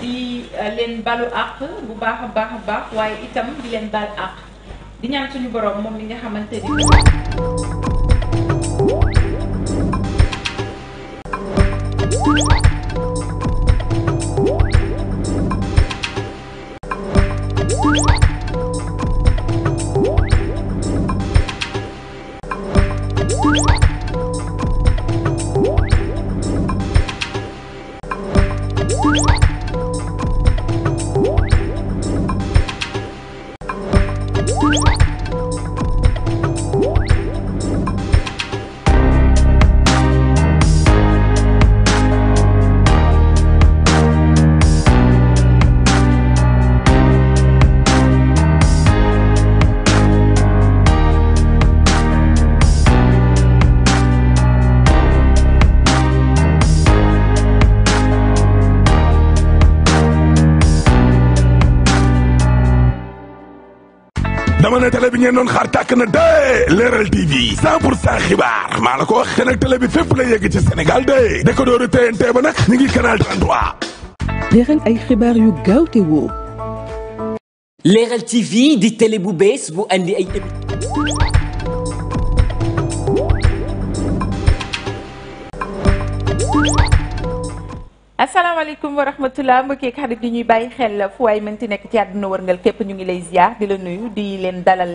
di euh, leen balu àq bu baax a baax a baax waaye itam di leen bal àq di ñaan suñu borom moom li nga xamante ni bi ngeen doon tàkk na de leeral TV 100 pour cent xibaar maa la ko wax te nag télé bi fépp la yegg ci Sénégal de da ko dooru TNT ba nag ñu ngi canal 33. leeral ay xibaar yu gaaw te woo. leeral TV di télé bu bees bu andi ay. asalaamaaleykum wa rahmatulah mbokki xarit yi ñuy bàyyi xel fu waay mënti nekk ci àdduna wërngal képp ñu ngi lay ziar di la nuyu di leen dalal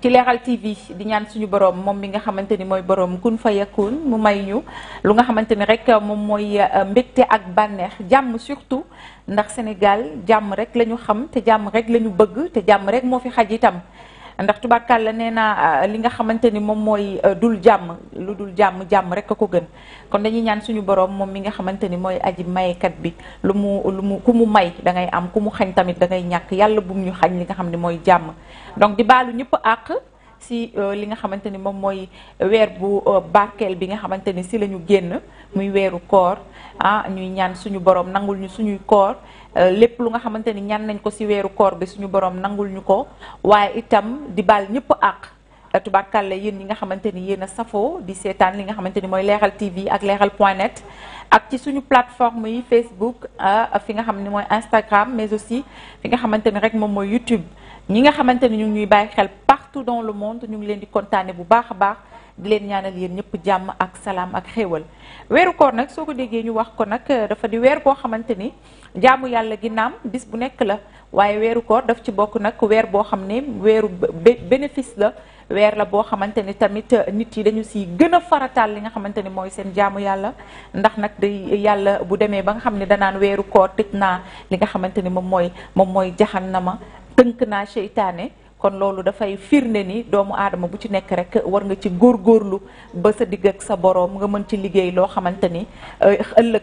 ci Leral TV di ñaan suñu borom moom mi nga xamante ni mooy borom kun fa yakun mu may ñu lu nga xamante ni rek moom mooy euh, mbégte ak bànneex jàmm surtout ndax Sénégal jàmm rek la ñu xam te jàmm rek la ñu bëgg te jàmm rek moo fi xaj itam. ndax tubaarkàl la nee naa euh, li nga xamante ni moom mooy euh, dul jàmm lu dul jàmm jàmm rek a ko gën kon dañuy ñaan suñu borom moom mi nga xamante ni mooy aji mayekat bi lu mu lu mu ku mu may da ngay am ku mu xañ tamit da ngay ñàkk yàlla bum ñu xañ li nga xam ni mooy jàmm donc di baalu ñëpp àq si euh, li nga xamante ni moom mooy weer bu barkeel bi nga xamante ni si lañu génn muy weeru koor ah ñuy ñaan suñu borom nangul ñu suñuy koor Eh, lepp lu nga xamanteni ni nañ ko ci wéru koor bi suñu borom nangul ñuko waye item itam di bal ñepp ak eh, tubarkàlla yeen yi nga xamanteni ni safo di li nga xamanteni ni mooy TV ak leeral point ak ci suñu plateforme yi Facebook eh, fi nga xamni moy Instagram mais aussi fi nga xamanteni rek mom moy YouTube ñi nga xamanteni ni ñu ñuy bay xel partout dans le monde ñu ngi leen di kontaane bu baax baax di leen ñaanal yeen ñepp jamm ak salam ak xéewal wéru koor nak soko déggé ñu wax ko nak dafa di wér boo xamanteni jaamu yàlla gi naam bis bu nekk la waaye weeru koor daf ci bokk nag weer boo xam ne weeru bénéfice la weer la boo xamante ni tamit euh, nit yi dañu si gën a farataal li nga xamante ni mooy seen jaamu yàlla ndax nag day yàlla bu demee ba nga xam ne danaan weeru koor tëj naa li xamante ni moom mooy moom mooy ma tënk naa seytaane kon loolu dafay firnde ni doomu aadama bu ci nekk rek war nga ci góor góorlu ba sa digg ak sa boroom nga mën ci liggéey loo xamante ni euh, ëllëg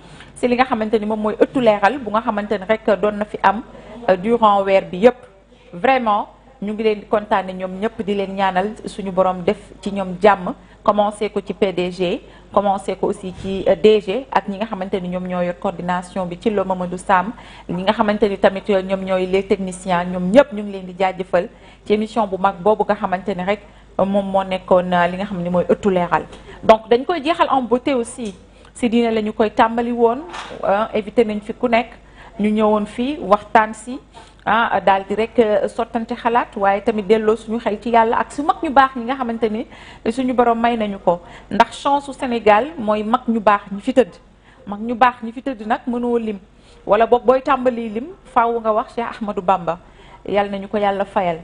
si li nga xamanteni mom moy eutu leral bu nga xamanteni rek doon na fi am euh, durant weer bi yep vraiment ñu ngi leen contane ñom ñëpp di leen ñaanal suñu borom def ci ñom jamm commencé ko ci PDG commencé ko aussi ci euh, DG ak ñi nga xamanteni ñom ñoom ñoo coordination bi ci lo Mamadou Sam ñi nga xamanteni tamit ñom ñooy les techniciens ñom ñëpp ñu ngi leen di jaajeufal ci émission bu mag bobu nga xamanteni rek mom mo nekkon euh, li nga xam moy eutu leral donc dañ koy jéxal en beauté aussi si diine lañu koy tàmbali woon éviter nañ fi ku nekk ñu ñëwoon fii waxtaan si ah daal di rek euh, sottante xalaat waaye tamit delloo suñu xel ci yàlla ak su mag ñu baax ñi nga xamante ni suñu borom may nañu ko ndax chance su Sénégal mooy mag ñu baax ñu fi tëdd mag ñu baax ñu fi tëdd nag mënoo lim wala boog booy tàmbali lim faaw nga wax Cheikh Ahmadou bàmba yàlla nañu ko yàlla fayal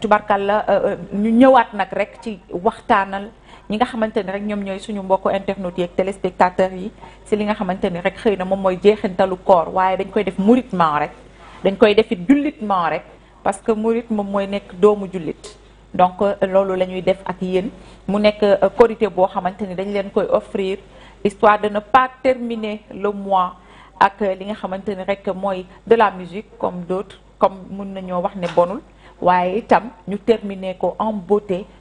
tubarkalla euh, euh, ñu ñëwaat nag rek ci waxtaanal ñi nga xamanteni rek ñom ñoy suñu mbokk internet yi ak téléspectateurs yi ci li nga xamanteni rek xeyna mom moy mooy jeexintalu koor waaye dañ koy def muritement rek dañ koy def julitement rek parce que murit mom moy nekk doomu julit donc euh, loolu lañuy def ak yeen mu nekk euh, korité boo xamanteni dañ leen koy offrir histoire de ne pas terminer le mois ak euh, li nga xamanteni rek moy de la musique comme d'autres comme mën nañoo wax ne bonul waaye itam ñu terminer ko en beauté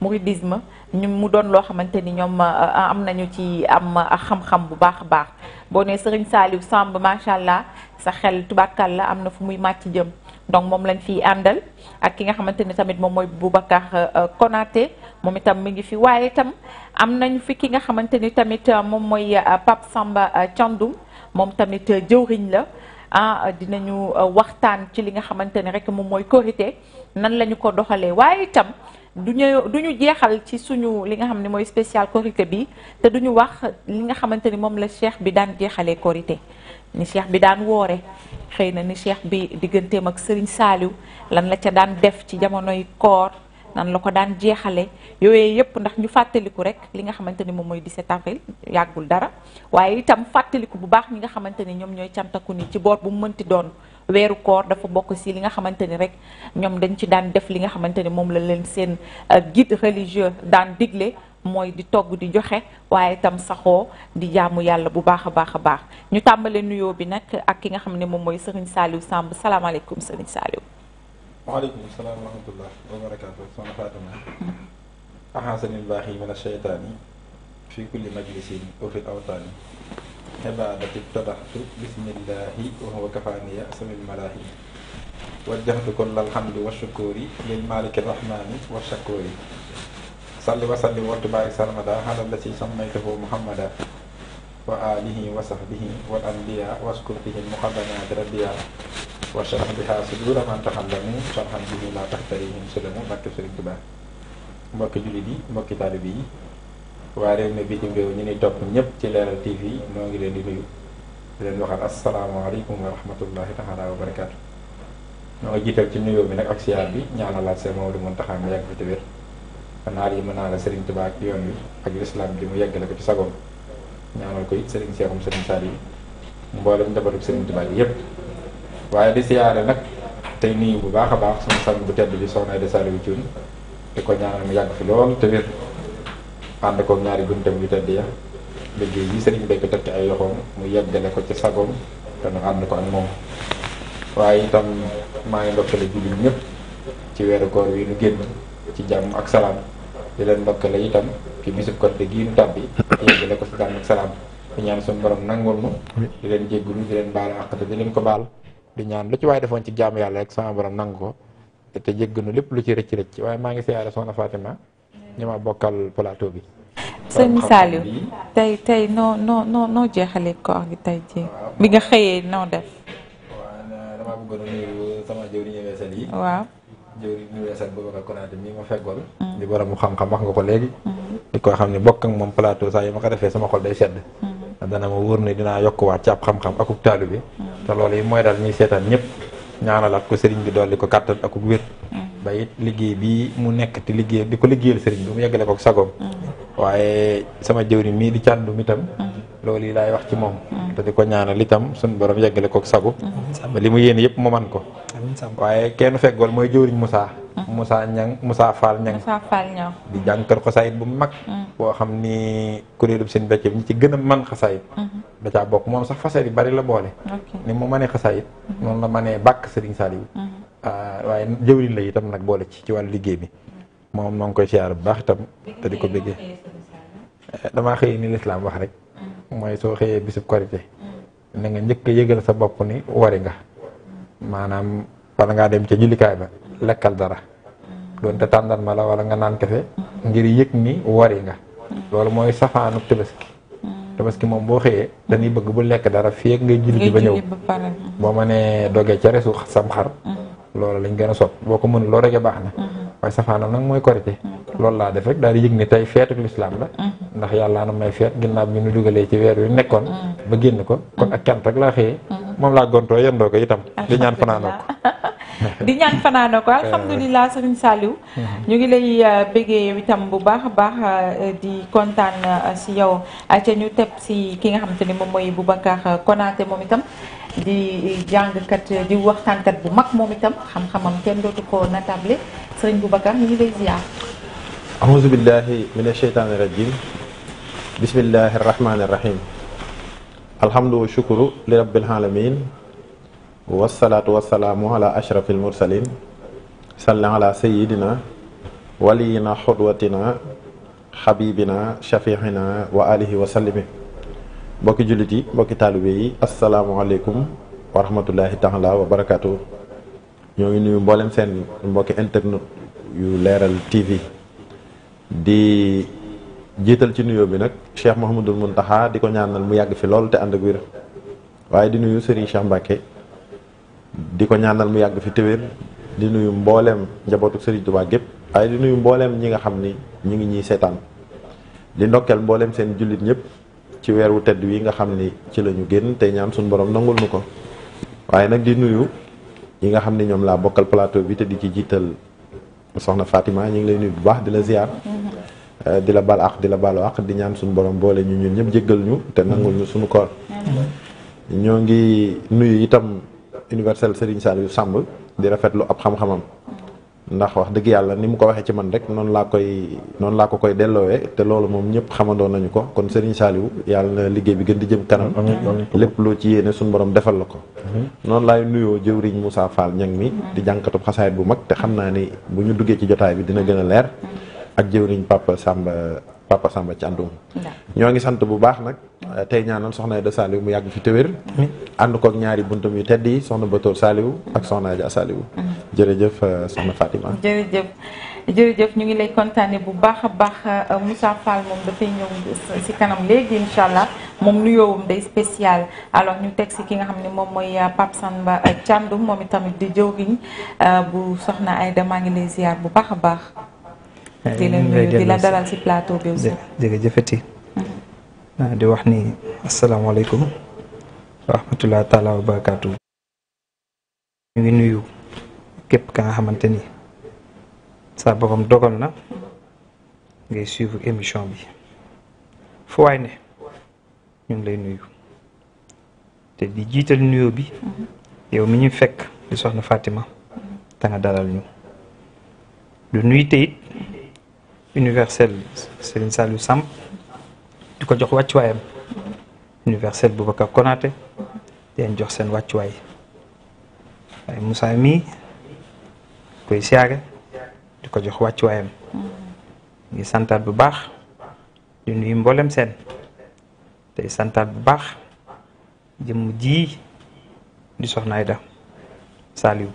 mouridisme ñu mu doon loo xamante ni ñoom euh, euh, am nañu ci am euh, xam-xam bu baax a baax boo nee Serigne Saliou Samb macha allah sa xel tubaakal la am na fu muy màcc jëm donc moom lañ fiy àndal ak ki nga xamante ni tamit moom mooy Boubacar Konaté moom itam mi ngi fi waaye itam am nañu fi ki nga xamante ni tamit moom mooy Pape Samba Thiandoum moom tamit jëwriñ la ah dinañu waxtaan ci li nga xamante ni rek moom mooy korité nan lañu ko doxalee waaye itam duñu du ñu jeexal ci suñu li nga xam ne mooy spécial korité bi te du ñu wax li nga xamante ni moom la cheikh bi daan jeexalee korité ni cheikh bi daan woore xëy na ni cheikh bi digganteem ak Serigne Saliou lan la ca daan def ci jamonoy koor nan la ko daan jeexale yooyu yëpp ndax ñu fàttaliku rek li nga xamante ni moom mooy 17 avril yàggul dara waaye itam fàttaliku bu baax ñi nga xamante ni ñoom ñooy cantaku ni ci boor bu mu mënti doon weeru koor dafa bokk si li nga xamante ni rek ñoom dañ ci daan def li nga xamante ni moom la leen seen euh, guide religieux daan digle mooy di togg di joxe waaye itam saxoo di jaamu yàlla bu baax a baax a baax ñu tàmbale nuyoo bi nag ak ki nga xam ne moom mooy sëriñ Saliou sàmb salaamaaleykum Serigne Saliou. waaleykum salaam wa baax yi min acheytaani fi kulli majlisin wa fil awtaani هبادة اتبعت بسم الله وهو كفاني يأس من ملاهي وجهت كل الحمد والشكور للمالك الرحمن والشكور صل وسلم واتبع سرمدا على الذي سميته محمدا وآله وصحبه والأنبياء واشكر به المقدمات ربيا وشرح بها صدور من تحلموا شرحا به لا تحتريهم سلموا بك سرين تباه mbokki jullit yi waa réew mi bitim réew ñu ni topp ñëpp ci leeral TV noo ngi leen di nuyu di leen waxal asalaamaaleykum wa rahmatullahi taala wa barakaatu. noo jiital ci nuyoo bi nag ak siyaar bi ñaanalaat seen Maodo Muntaxa mu yàgg fi te wér xanaa yi mën naa la Serigne Touba ak yoon wi ak lislaam bi mu yeggale ko ci sagoom ñaanal ko it Serigne Seexum Serigne Saliou mboolem njabootug Serigne Touba bi yëpp. waaye di siyaare nag tey nuyu bu baax a baax suñu sang bu tedd bi soxna Aida Saliou Thioune di ko ñaanal mu yàgg fi lool te ànd ko ñaari guntam yu tedd ya liggéey yi sëriñ bi teg ci ay loxoom mu yeggale ko ci sagoom te nu ànd ko ak moom waaye itam maa ngi ndokkale jullit ñëpp ci weeru koor wii nu génn ci jàmm ak salaam di leen ndokkale itam ci bisub Korite gi nu tàbbi yeggale ko ci jàmm ak salaam di ñaan suñu borom nangul di leen jéggulu di leen baal àq te di leen ko baal di ñaan lu ci waaye defoon ci jàmm yàlla rek sama borom nangu ko te jégg nu lépp lu ci rëcc rëcc waaye maa ngi siyaare soxna Fatima ñu ma bokkal plateau bi sëñ Saliou tey tey noo noo noo noo jeexalee ko gi tey ci bi nga xëyee noo def. waaw damaa bëggoon sama jëwriñ universel yi. waaw jëwriñ universel Boubacar Konaté mi ma feggoon. Mm. di borom xam-xam wax nga ko léegi. Mm. di ko xam ne bokk moom plateau saa yi ma ko defee sama xol day sedd. Mm. dana ma wóor ne dinaa yokkuwaat ci ab xam-xam akub taalu bi. te loolu yi mooy daal ñuy seetaan ñëpp ñaanalaat ko sëriñ bi dolli ko kàttan akub wér. bayit liggey bi mu nek te liggey di liggeyal serigne bi mu yeggale ko sagom mm. waye sama jeewri mi di tiandu mi tam mm. loolu yi wax ci mom mm. te diko ñaanal itam sun borom yeggale ko sagu sama li yene yep mo man ko waye kenn feggol moy jeewri musa musa Ñang musa Fall Ñang di ko sayid bu mag bo xamni ni kuréelub seen becc bi ci gëna man xasaayit mm-hmm. da ca bok mom sax faset bari la boole ni mu mënee xasaayit mm-hmm. non la mané bak serigne salih mm-hmm. Ah, waaye jëwriñ la itam nag boole ci ci wàllu liggéey bi moom noo ngi koy siyaar bu baax itam te di ko bëggee eh, damaa xëy ni lislaam wax rek mooy soo xëyee bisub korité na nga njëkk a yëgal sa bopp ni wari nga maanaam bala ngaa dem ca jullikaay ba lekkal dara doonte tàndarma la wala nga naan kefe ngir yëg ni wari nga loolu mooy safaanu tabaski tabaski moom boo xëyee dañuy bëgg bu lekk dara fii ak ngay julli ji ba ñëw boo ma nee dogee ca resu sam xar mm. loolu lañ gën a sopp boo ko mënul loo rek baax na mhm. waaye safaanam nag mooy korite loolu laa def daal di yëg ni tey feetuk lislaam la mhm. ndax yàlla na may feet ginnaaw bi ñu dugalee ci weer wi nekkoon mhm. ba génn ko kon ak cant rek laa xëyee moom laa gontoo yendoo ko itam di ñaan fanaanoo ko di ñaan fanaanoo ko alhamdulilah sëriñ Saliou ñu ngi lay euh, bëggee yow itam bu baax a baax euh, di kontaan euh, si yow ca ñu teb si ki nga xamante ni moom mooy Boubacar Konaté moom itam di jang kat di waxtan kat bu mak moom itam xam-xamam kenn dootu ko natable sëriñ Boubacar ñu ngi lay ziar. a'udhu billahi minash shaitanir rajim bismillahir rahmanir rahim alhamdu wa shukru li rabbil alamin wa salatu wa wasalaamu ala ashrafil mursalin salli ala sayidina waliyina hudwatina habibina shafiina wa alihi wa sallimi mbokki jullit yi mbokki taalibe yi asalaamaaleykum wa rahmatullahi taala wa barakaatu ñoo ngi nuyu mboolem seen mbokki internet yu leeral TV di jiital ci nuyoo bi nag Cheikh Mouhamadul Mountakha di ko ñaanal mu yàgg fi lool te ànd ak wér waaye di nuyu Serigne Cheikh Mbacke di ko ñaanal mu yàgg fi te di nuyu mbooleem njabootu Serigne Touba gépp waaye di nuyu mbooleem ñi nga xam ni ñu ngi ñuy seetaan di ndokkeel mbooleem seen jullit ñëpp. ci weer wu tedd wi nga xam ni ci la ñu génn tey ñaan suñu borom nangul nu ko waaye nag di nuyu ñi nga xam ni ñoom laa bokkal plateau bi te di ci jiital soxna faatiment ñu ngi lay nuyu bu baax di la ziar. Mm-hmm. di la baal ak di la baalu ak di ñaan suñu borom boole ñu ñun ñëpp jëggal ñu te nangul ñu suñu koor. Mm-hmm. ñoo ngi nuyu itam universel Serigne yu Samb di rafetlu ab xam-xamam. ndax wax dëgg yàlla ni mu ko waxee ci man rek noonu laa koy noonu laa ko koy delloowee te loolu moom ñëpp xamandoon nañu ko kon Serigne Saliou yàlla na liggéey bi gën di jëm kanam lépp loo ci yéene suñu borom defal la ko noonu laay nuyoo jëwriñ Moussa Fall ñang mi di jànkatub xasaayit bu mag te xam naa ni bu ñu duggee ci jotaay bi dina gën a leer ak jëwriñ Papa Samba Papa Samba Thiandoum ñoo ngi sant bu baax nag euh, tey ñaanal soxna Aida Saliou mu yàgg fi téwér ànd ko ñaari buntam yu tedd yi soxna Batoor saaliw ak soxna Adja Saliou mm-hmm. jërëjëf euh, soxna Fatima jërëjëf jërëjëf ñu ngi lay kontaane bu baax a baax euh, Moussa Fall moom dafay ñëw si kanam léegi incha allah moom nuyoowam day spécial alors ñu teg si ki nga xam ne moom mooy Pape Samba Thiandoum moom itamit di jëwriñ bu soxna ay maa ngi lay ziar bu baax a baax Eh, di la nuyu di la dalal si plateau bi aussi. Mm-hmm. Ah, di wax ni asalaamaaleykum wa rahmatulah taalaa wa barakaatu. ñu ngi nuyu képp ka nga xamante ni sa borom dogal na ngay suivre émission bi fu waay ne ñu ngi lay nuyu te di jiital nuyo bi mm-hmm. yow mi ñu fekk di soxna Fatima mm-hmm. te nga dalal ñu lu nuyu te universel Serigne Saliou Samb di ko jox wayam universel Boubacar Konaté den jox sen waccu wàccuwaay ay Moussa mi koy siyaare diko jox waccu wayam ngi santat bu baax di nuy mbollem sen tay santat bu baax jëmm ji di soxna Aida Saliou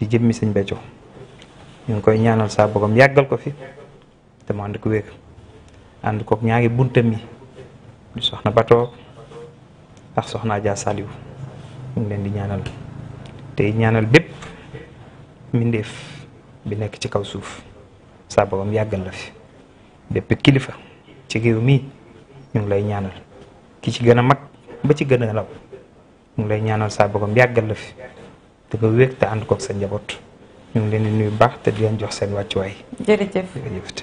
di jëmmi sëñ Béthio ñu ngi koy ñaanal sa borom yàggal ko fi te mo and ko wér and ko ñaari bunte mi di soxna Batoor ak soxna ja saliw ñu leen di ñaanal te ñaanal bépp mindeef bi nekk ci kaw suuf sa borom yàggal la fi bépp kilifa ci réew mi ñu ngi lay ñaanal ki ci gën a mag ba ci gën a law ñu ngi lay ñaanal sa borom yàggal la fi te nga wér te and ko sa njaboot ñu ngi leen di nuyu baax te di leen jox seen wàccuwaay. jërëjëf jërëjëf.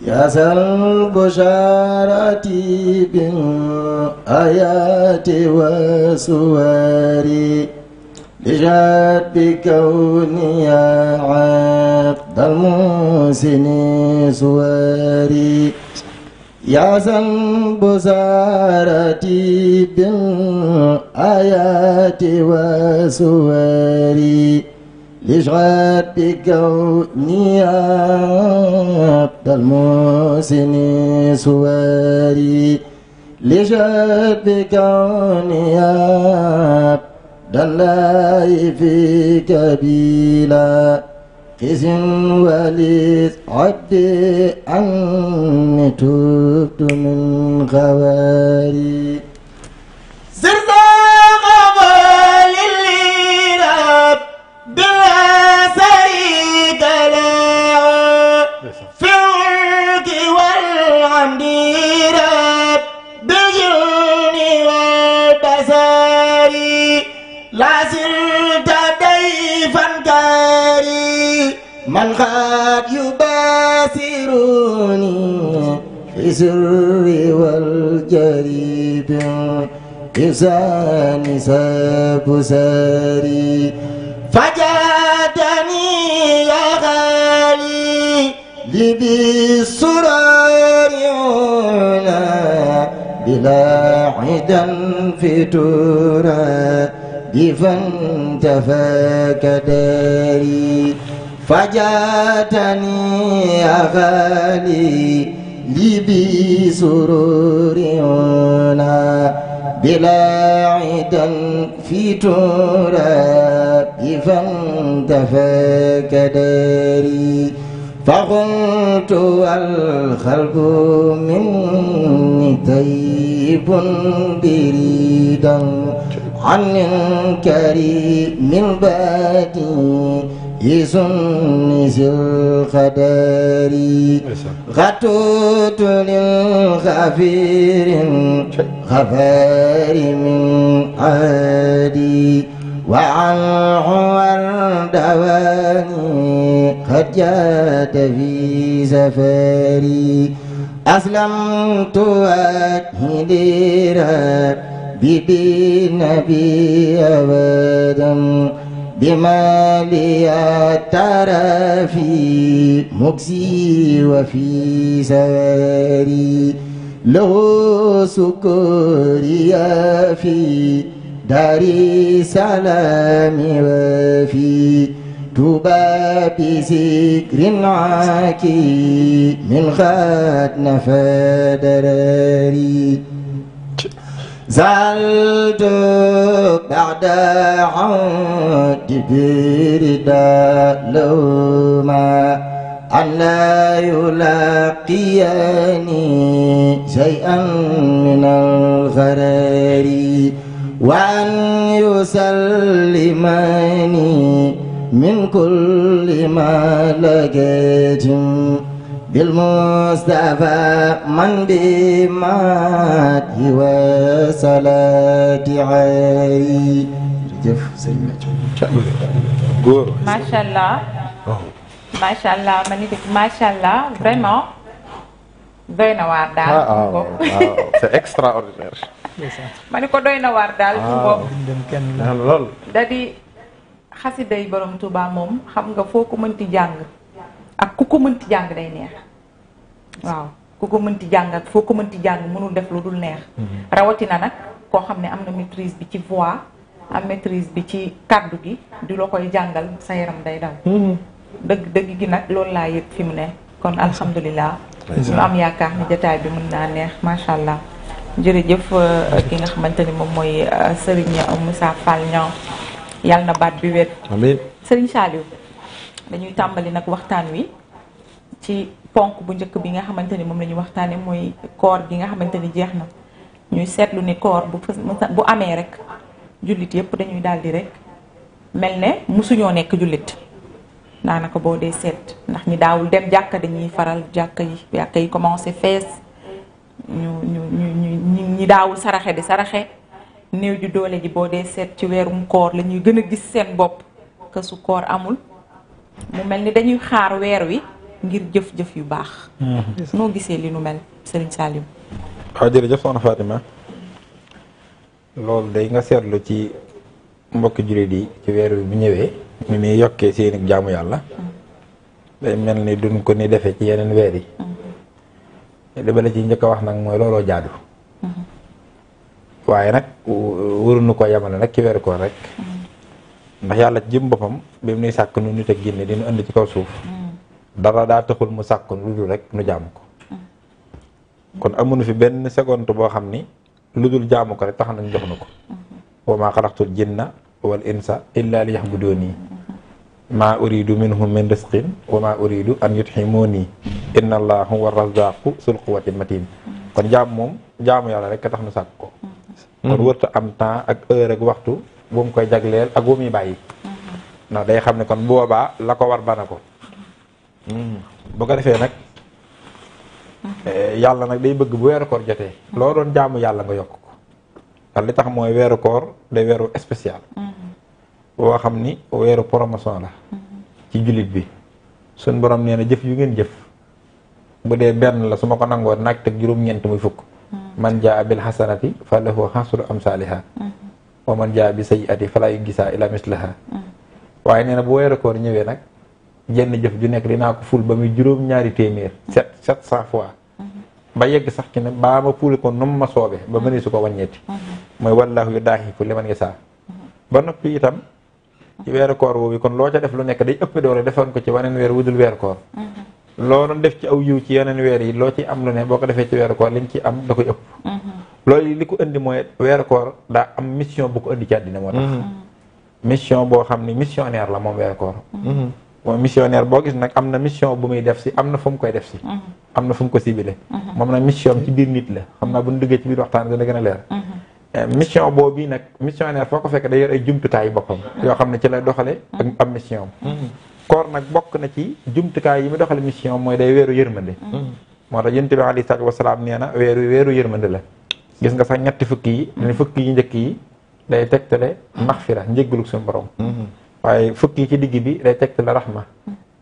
ya san bushaarati bin ayati wasu wari bishad bi kauni ya cadal musini suwari ya san bushaarati bin ayati wasu wari. لشغاب كوني عبد المحسن سواري لشغاب كوني عبد الله في كبيلة قس وليس عبدي أن تبت من خواري من قد يباصرني في سري والجريب إنسان ساب ساري فجادني يا غالي لبي السرار بلا عدا في ترى بفن تفاك داري فجاتني أغاني لبي بسرور بلا عدا في تراب فانتفى داري فقلت والخلق مني تيب بريدا عن كريم باتي يسن ذي القدر غتوت للغفير غفار من عادي وعنه والدواني قد جاد في سفري أسلمت وجهي بدين نبي أبدا بما لي ترى في مكسي وفي سواري له سكري في دار سلام وفي توبى بذكر عاكي من غد نفى دراري زلت بعد عهد بردا لوما ألا يلاقياني يلاقيني شيئا من الغرر وأن يسلمني من كل ما لقيتم bil mustafa man bi maati wa salati jeuf seigne jëf go ma sha allah ma sha allah magnifique sha allah vraiment doyna war dal daal. Ah, ah, waaw c'est ah, extraordinaire. ma doyna war dal na waar daal. waaw lool. da di xasiday borom touba mom xam nga foko meunti jang ak kuku meunti jang day ya. neex. Wow, ku ko mënti jàng ak foo ko mënti jàng mënul def lu dul neex mhm. rawatina nag koo xam ne am na maîtrise bi ci voix am maîtrise bi ci kàddu gi di la koy jàngal sa yaram day mhm. gi ne kon alhamdulillah, ñu am yaakaar ni jataay bi mën naa neex macha allah jërëjëf euh, ki nga xamante ni moom mooy euh, Serigne Moussa Fall ñaw yàlla na baat bi wet Serigne Saliou dañuy waxtaan wi ci ponk bu njëkk bi nga xamante ni moom la ñu waxtaane mooy koor gi nga xamante ni jeex na ñuy seetlu ni koor bu bu amee rek jullit yépp dañuy daldi rek mel ne musuñoo nekk jullit daanaka boo dee seet ndax ñi daawul dem jàkka dañuy faral jàkk yi jàkka yi commencé fees ñu ñu ñu ñi daawul saraxe di saraxe néew ju doole ji boo dee seet ci weerum koor la ñuy gën a gis seen bopp kësu su koor amul mu mel ni dañuy xaar weer wi ngir jëf-jëf yu baax. Mhm. noo gisee li nu mel Serigne Salim. waaw ah, jërëjëf soxna Fatima loolu day nga seetlu ci mbokk jullit yi ci weer bi bu ñëwee. ni muy yokkee seen jaamu yàlla. Mhm. day mel ni duñ ko ni defee ci yeneen weer yi. Mhm. li ba ci njëkk wax nag mooy looloo jaadu. waaye nag waruñu ko yemale nag ci weeru koor rek. ndax yàlla ci jëm boppam bi mu nuy sàkk nu nit ak ginne dinu indi ci kaw suuf. dara daa taxul mu sàkkoon lu dul rek nu jaamu ko kon amuñu fi benn seconde boo xam ni lu dul jaamu ko rek tax nañ jox na ko wa maa xalaqtul jinna wal insa illa li yaxbudooni maa uridu minhum min risqin wa maa uridu an yutximooni inna allah huwa razaqu sul quwatin matin kon jaam moom jaamu yàlla rek tax nu sàkk ko kon am temps ak heure waxtu bu mu koy jagleel ak bu muy bàyyi day xam ne kon boobaa la ko war bana ko Hmm. bu ko nak euh yalla nak day bëgg bu weeru koor jotté lo doon jaamu yalla nga yokk ko tan li tax moy weeru koor day weeru spécial hmm xam ni weeru promotion la mm-hmm. ci julit bi sun borom nee jëf yu ngeen jëf bu dé ben la suma ko nango nak tak juroom ñent muy fukk mm-hmm. man jaa bil hasanati fa lahu xasru am saaliha mm-hmm. wa man jaa bi sayiati falaa yu gisaa ila mislaha waaye nee na bu weeru koor ñëwé nak jenn jëf ju nekk dinaa ko ful ba muy juróom-ñaari téeméer sept sept cent fois ba yegg sax ci ne baa ma puuli ko num ma soobee ba mënee su ko wàññeeti mooy wallaahu yu daaxi ku li man ngi saa ba noppi itam ci weeru koor yi kon loo ca def lu nekk day ëpp doole defoon ko ci waneen weer wudul weeru koor loo doon def ci aw yiw ci yeneen weer yi loo ci am lu ne boo ko defee ci weeru koor li nga ci am da koy ëpp loolu li ko indi mooy weeru koor daa am mission bu ko indi ci àddina moo tax mhm. mission boo xam ne missionnaire la moom weeru moom missionnaire boo gis nag am na mission bu muy def si am na fu mu koy def si mhm. am na fu mu ko sibile mhm. moom nag mission ci biir nit la xam naa bu ñu duggee ci biir waxtaan dana gën a leer mhm. eh, mission boobu bii nag missionnaire foo ko fekk day yor ay jumtukaayu boppam yoo xam ne ci lay doxale ak am mission koor nag bokk na ci jumtukaay yi mu doxale mission mooy day weeru yërmande moo tax yonent bi alayhi salaatu wasalaam nee na weeru weeru yërmande la gis nga sax ñetti fukki yi dañu fukki yi njëkk yi day tegtale maxfira njéggalug suñu borom waaye fukk yi ci digg bi day tegtale rahma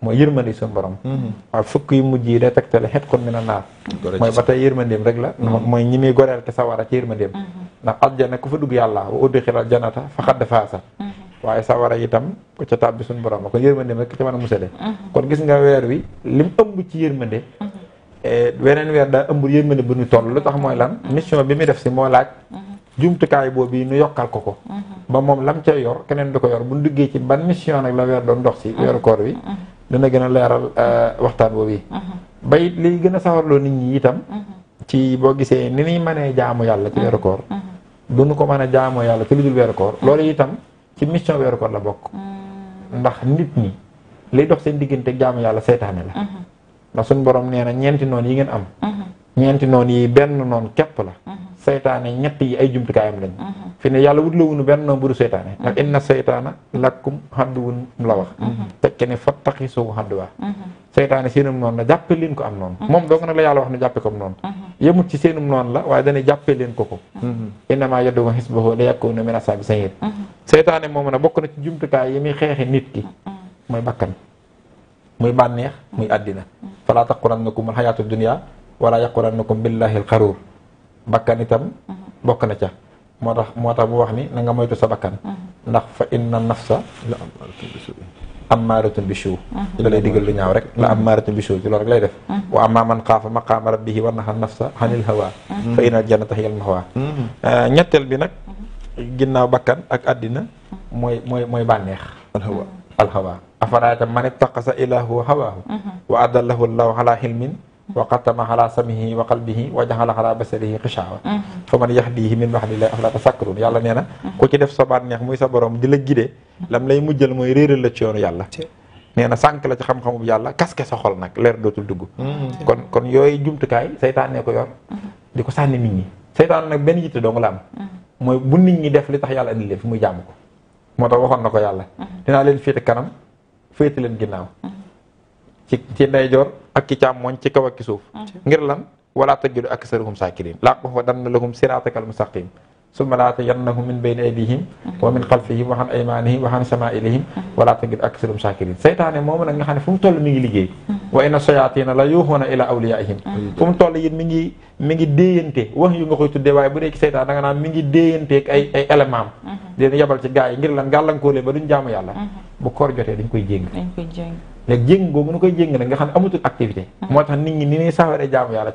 mooy yërmande suñu borom mhm. waaye fukk yu mujj yi day tegtale xet kon mi na naar mooy ba tey yërmandeem rek la mhm. mooy ñi muy sa te a ci yërmandeem mhm. ndax aljana ku fa dugg yàlla wa udxilal janata faqad faasa waaye sawara itam ku ca tàbbi suñu borom la kon yërmandeem rek ci mën a musale kon gis nga weer wi lim ëmb ci yërmande eh, weneen weer daa ëmb yërmande bu ñu toll lu tax mooy lan mission bi muy def si jumtukaay boobu nu yokkal ko ko. Mhm. ba moom lam ca yor keneen du ko yor bu duggee ci ban mission nag la weer doon dox si weeru koor wi. Mhm. Mhm. dana gën a leeral euh, waxtaan boobu. ba it liy gën a sawarloo nit ñi itam. ci boo gisee ni ñuy mënee jaamu yàlla ci weeru du ko mën a jaamoo yàlla ci lu dul weeru koor. loolu itam ci mission weeru koor la bokk. ndax nit ñi liy dox seen diggante jaamu yàlla seytaane la. ndax suñu borom nee na ñeenti noonu yi ngeen am. ñeenti noonu yi benn noonu képp la. seytaane ñett yi ay jumtukaayam lañ mhm. fi ne yàlla wut la wunu benn nombre seytaane mhm. ndax inna seytaana lakkum xadduwun mu la wax mhm. tekke ne fattaqi soo xadduwaa seytaane seenum noonu la jàppe leen ko am noonu moom doo nga la yàlla wax ne jàppee ko am noonu yemut ci seenum noonu la waaye dana jàppe leen ko ko innama yad'u hizbahu liyakunu min ashabi sa'ir seytaane moom na bokk na ci jumtukaay yi muy xeexe nit ki mooy bakkan muy bànneex muy àddina falaa taqurannakum alxayaatu dunia wala yaqurannakum billahi alxaruur bakkan itam mhm. bok na ca motax tax bu mu wax ni nga moytu sa bakkan mhm. ndax fa inna nafsa la bisu bisu, bisu mhm. digelinya lay digal lu ñaaw rek la bisu ci rek lay def wa amma man xaafa maqama rabbihi wa nahana nafsa hanil hawa fa inna jannata hiya al mawa euh, ñettel bi nak ginnaw bakkan ak moy banex al hawa al alhawa afara ta man taqasa ilahu hawa, wa adallahu allahu ala hilmin wa xatama ala samihi wa qalbihi wa jaxala ala basarihi xishaawa mm-hmm. fa man yahdihi min ba'dillahi afala tasakkarun yàlla nee na ku ci def sa bànneex muy sa borom di la gide mm-hmm. lam lay mujjal mooy réeral la ci yoonu yàlla nee na sànq la ci xam-xamub yàlla kaske sa xol nag leer dootul dugg mm-hmm. kon kon yooyu jumtukaay saytaan ne ko yor di ko sànni nit ñi saytaan nag benn yitte dong la am mooy bu nit ñi def li tax yàlla indi leen fi muy jàmm ko moo tax waxoon na ko yàlla dinaa leen féete kanam féete leen ginnaaw ci ci ndeyjoor ak ci càmmooñ ci kaw ak ci suuf mm-hmm. ngir lan wala tajidu aksaruhum saakiriin laa ko fa dan na lahum siraatakal mustaqim summa laa ta'tiyannahum min bayni aydihim wa min xalfihim wa an aymanihim wa an samaa'ilihim wa laa tajid aksarahum shaakiriin seytaane moomu nag nga xam ne fu mu mi ngi liggéey mm-hmm. wa inna shayaatiina la yuuxuuna ilaa awliyaa'ihim mm-hmm. fu toll yit mi ngi déeyante wax yu nga koy tuddee waaye bu dee ci seytaan da nga naan mi ngi déeyanteeg ay ay mm-hmm. dina yebal ci gars ngir lan gàllankoole ba duñ jaamu yàlla bu koor jotee dañ koy jéng léegi jéng googu nu koy jéng nag nga xam ne amatul activité moo tax nit ñi ni ñuy sawaree jaamu yàlla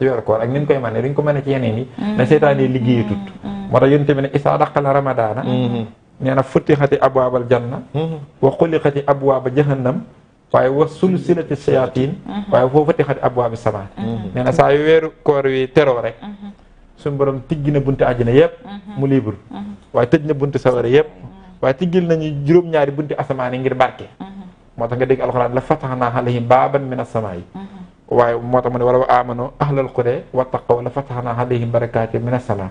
ci moo tax yonent bi ne isaa daqala ramadaana mm-hmm. nee na futtixati abwaabal janna mm-hmm. wa xulixati abwaaba jahannam waaye wa sulsilati sayaatiin mm-hmm. waaye foo futtixati abwaabi samaa nee na saa yu weeru koor wi teroo rek suñu borom tijji na bunti àjjana yëpp mu libre waaye tëj na bunti sawara yëpp waaye tijjil nañu juróom-ñaari bunti asamaan yi ngir barke moo tax nga dégg alxuraan la fataxnaa alayhim baaban min as waaye moo tax mu ne wala wa a amano ahlal quré wa taqaw la fataxna alayhim barakaati min assalaam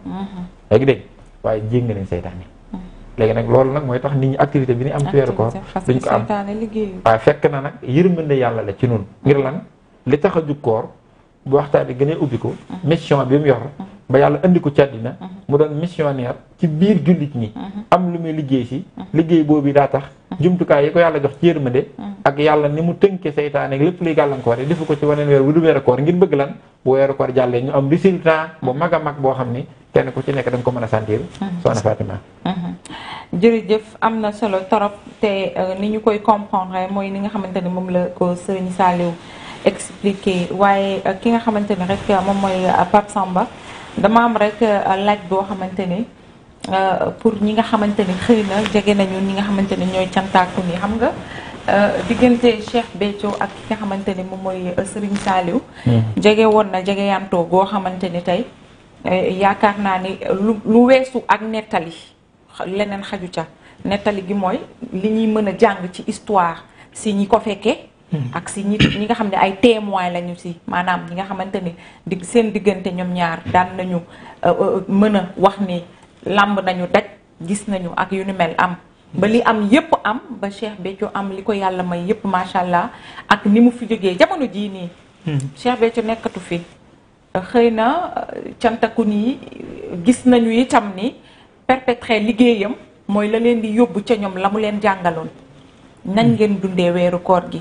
léegi mhm. dégg waaye jéng nañ seytaane mhm. léegi nag loolu nag mooy tax nit ñi activité bi ni am ci weeru koor duñ ko am waaye fekk na nag yërmande yàlla la ci noonu ngir lan li tax a jug koor bu waxtaan bi gën a ubbi ko mhm. mission bi mu yor mhm. ba yàlla andi ko ci àddina mhm. mu doon missionnaire ci biir jullit ñi am lu muy liggéey si liggéey boobu daa tax jumtukaay yi ko yàlla jox ci yërmande ak yàlla ni mu tënke seytaane ak lépp luy gàllankoor yi defu ko ci waneen weer wu du weeru koor ngir bëgg lan bu weeru koor jàllee ñu am résultat bu mag a mag boo xam ni kenn ku ci nekk da nga ko mën a sentir soxna Fatima jërëjëf am na solo torop te euh, ni expliqué waaye euh, ki nga xamante ni rek euh, moom mooy euh, Pape Samba dama am rek laaj boo xamante ni pour ñi nga xamante ni xëy na jege nañu ñi nga xamante ni ñooy cantaaku ni xam nga diggante Cheikh Béthio ak ki nga xamante ni moom mooy Serigne Saliou hmm. jege woon na jege yantoo goo xamante ni tey yaakaar naa ni lu lu weesu ak nettali leneen xaju ca nettali gi mooy li ñuy mën a jàng ci histoire si ñi ko fekkee Hmm. ak si nit ñi nga xamne ay témoin lañu ci maanaam ñi nga xamanteni ni di seen digënté ñom ñaar daan nañu euh, euh, euh, mëna wax ni lamb nañu daj gis nañu ak yu mel am ba li am yépp am ba Cheikh Béthio am liko yalla may yépp sha allah ak ni mu fi joggé jamono ji ni hmm. Cheikh Béthio nekkatu fi xeyna na ni gis nañu itam ni perpétrer liggéeyam moy la leen di yobbu ca ñom lamu leen jangalon nañ hmm. ngeen dundé wéru koor gi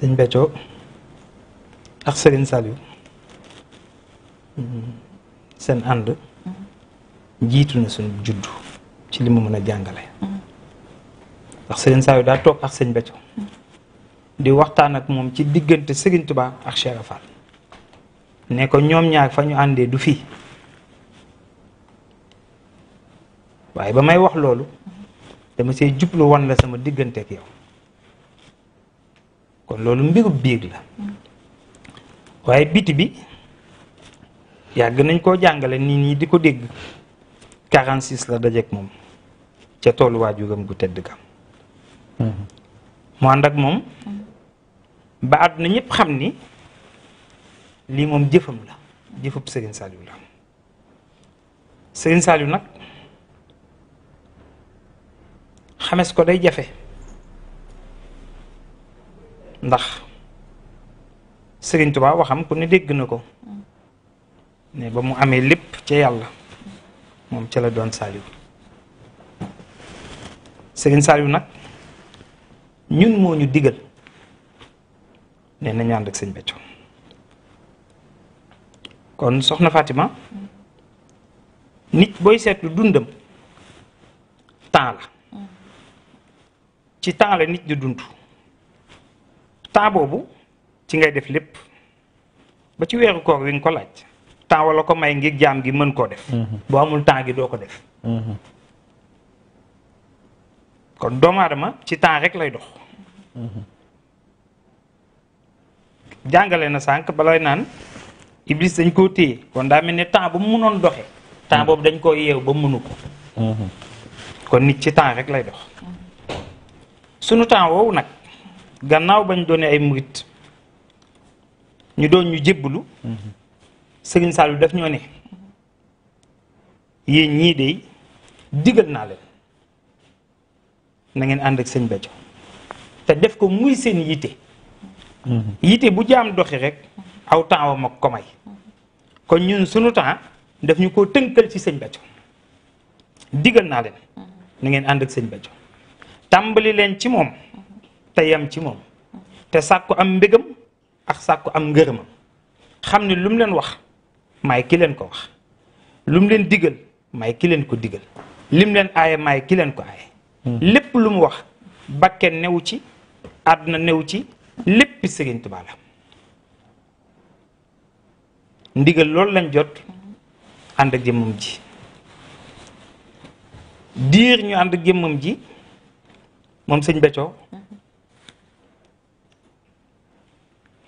sëñ Béthio ak Serigne Saliou mm-hmm, sen and mm-hmm. jitu na sun juddu ci limu meuna jangale mm-hmm. ak Serigne Saliou da tok ak sëñ Béthio di waxtan ak mom ci digeunte Serigne Touba ak Cheikh afal ne ko ñom ñaar fañu andé du fi waye ba may wax lolu dama sey djublu won la sama digeunte ak yow kon loolu mbiru biir la waaye biti bi yàgg nañ koo jàngale nit ñi di ko dégg 46 la dajeek moom ca toolu waajuram gu tedd ga mu ànd mom moom ba àdduna ñëpp xam ni lii moom jëfam la jëfub Serigne Saliou la Serigne Saliou xames ko day jafe ndax Sëriñ Tuubaa waxam ku ne dégg na ko ne ba mu amee lépp ca yàlla moom ca la doon Saaliw Sëriñ Saaliw nag ñun moo ñu digal ne nañu ak sëñ Béthio kon soxna Fatima nit booy seetlu dundam temps la ci temps la nit di dund temps boobu ci ngay def lépp ba ci weeru kook wi nga ko laaj temps wala ko may ngir jaam gi mën koo def mhm. boo amul temps gi doo ko def mhm. kon doomu ma ci temps rek lay dox mhm. jàngale na sànq balay naan iblis dañ koo téye kon daa mel ni temps bu mu mënoon doxe temps boobu dañ koo yeew ba mënu ko kon nit ci temps rek lay dox sunu temps woowu nag gannaaw bañ doone ay murit ñu doon ñu jébbalu Sëriñ Saliou daf ñoo ne yéen ñii de digal naa leen na ngeen ànd ak sëñ Béthio te def ko muy seen yitte yitte bu jaam doxi rek aw temps wa mag ko may kon ñun sunu temps daf ñu ko tënkal ci sëñ Béthio digal naa leen na ngeen ànd ak sëñ Béthio tàmbali leen ci moom te yam ci moom te sàkku am mbégam ak sàkku am ngërëmam xam ne lum leen wax maay ki leen ko wax lum leen digal maay ki leen ko diggal lim leen aaye maay ki leen ko aaye hmm. lépp lu mu wax bakke new ci àdduna new ci léppi Sëriñ Tuubaa la ndigal loolu lañ jot ànd ak jëmmam ji diir ñu ànd ak jëmmam ji moom sëñ Béthio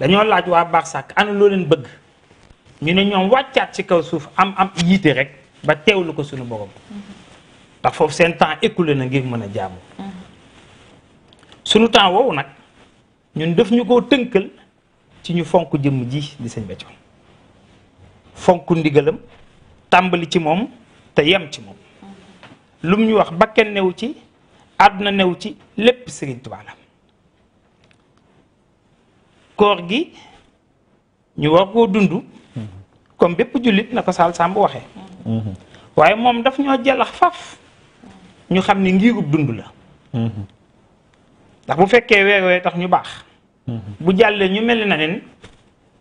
dañoo laaj waa baax Barsàq ana loo leen bëgg ñu ne ñoom wàccaat ci kaw suuf am am yiite rek ba teewlu ko suñu borom ndax foofu seen temps écoulé na ngir mën a jaamu sunu temps woowu nag ñu def ñu koo tënkal ci ñu fonk jëmm ji di sëñ Béthio fonk ndigalam tàmbali ci moom te yem ci moom lum ñu wax kenn newu ci àdduna newu ci lépp Sëriñ koor gi ñu war koo dund comme bépp jullit na ko Sall Samb waxee waaye moom daf ñoo jalax faf ñu xam ni ngirub dund la ndax bu fekkee weer wee tax ñu baax bu jàllee ñu mel na nen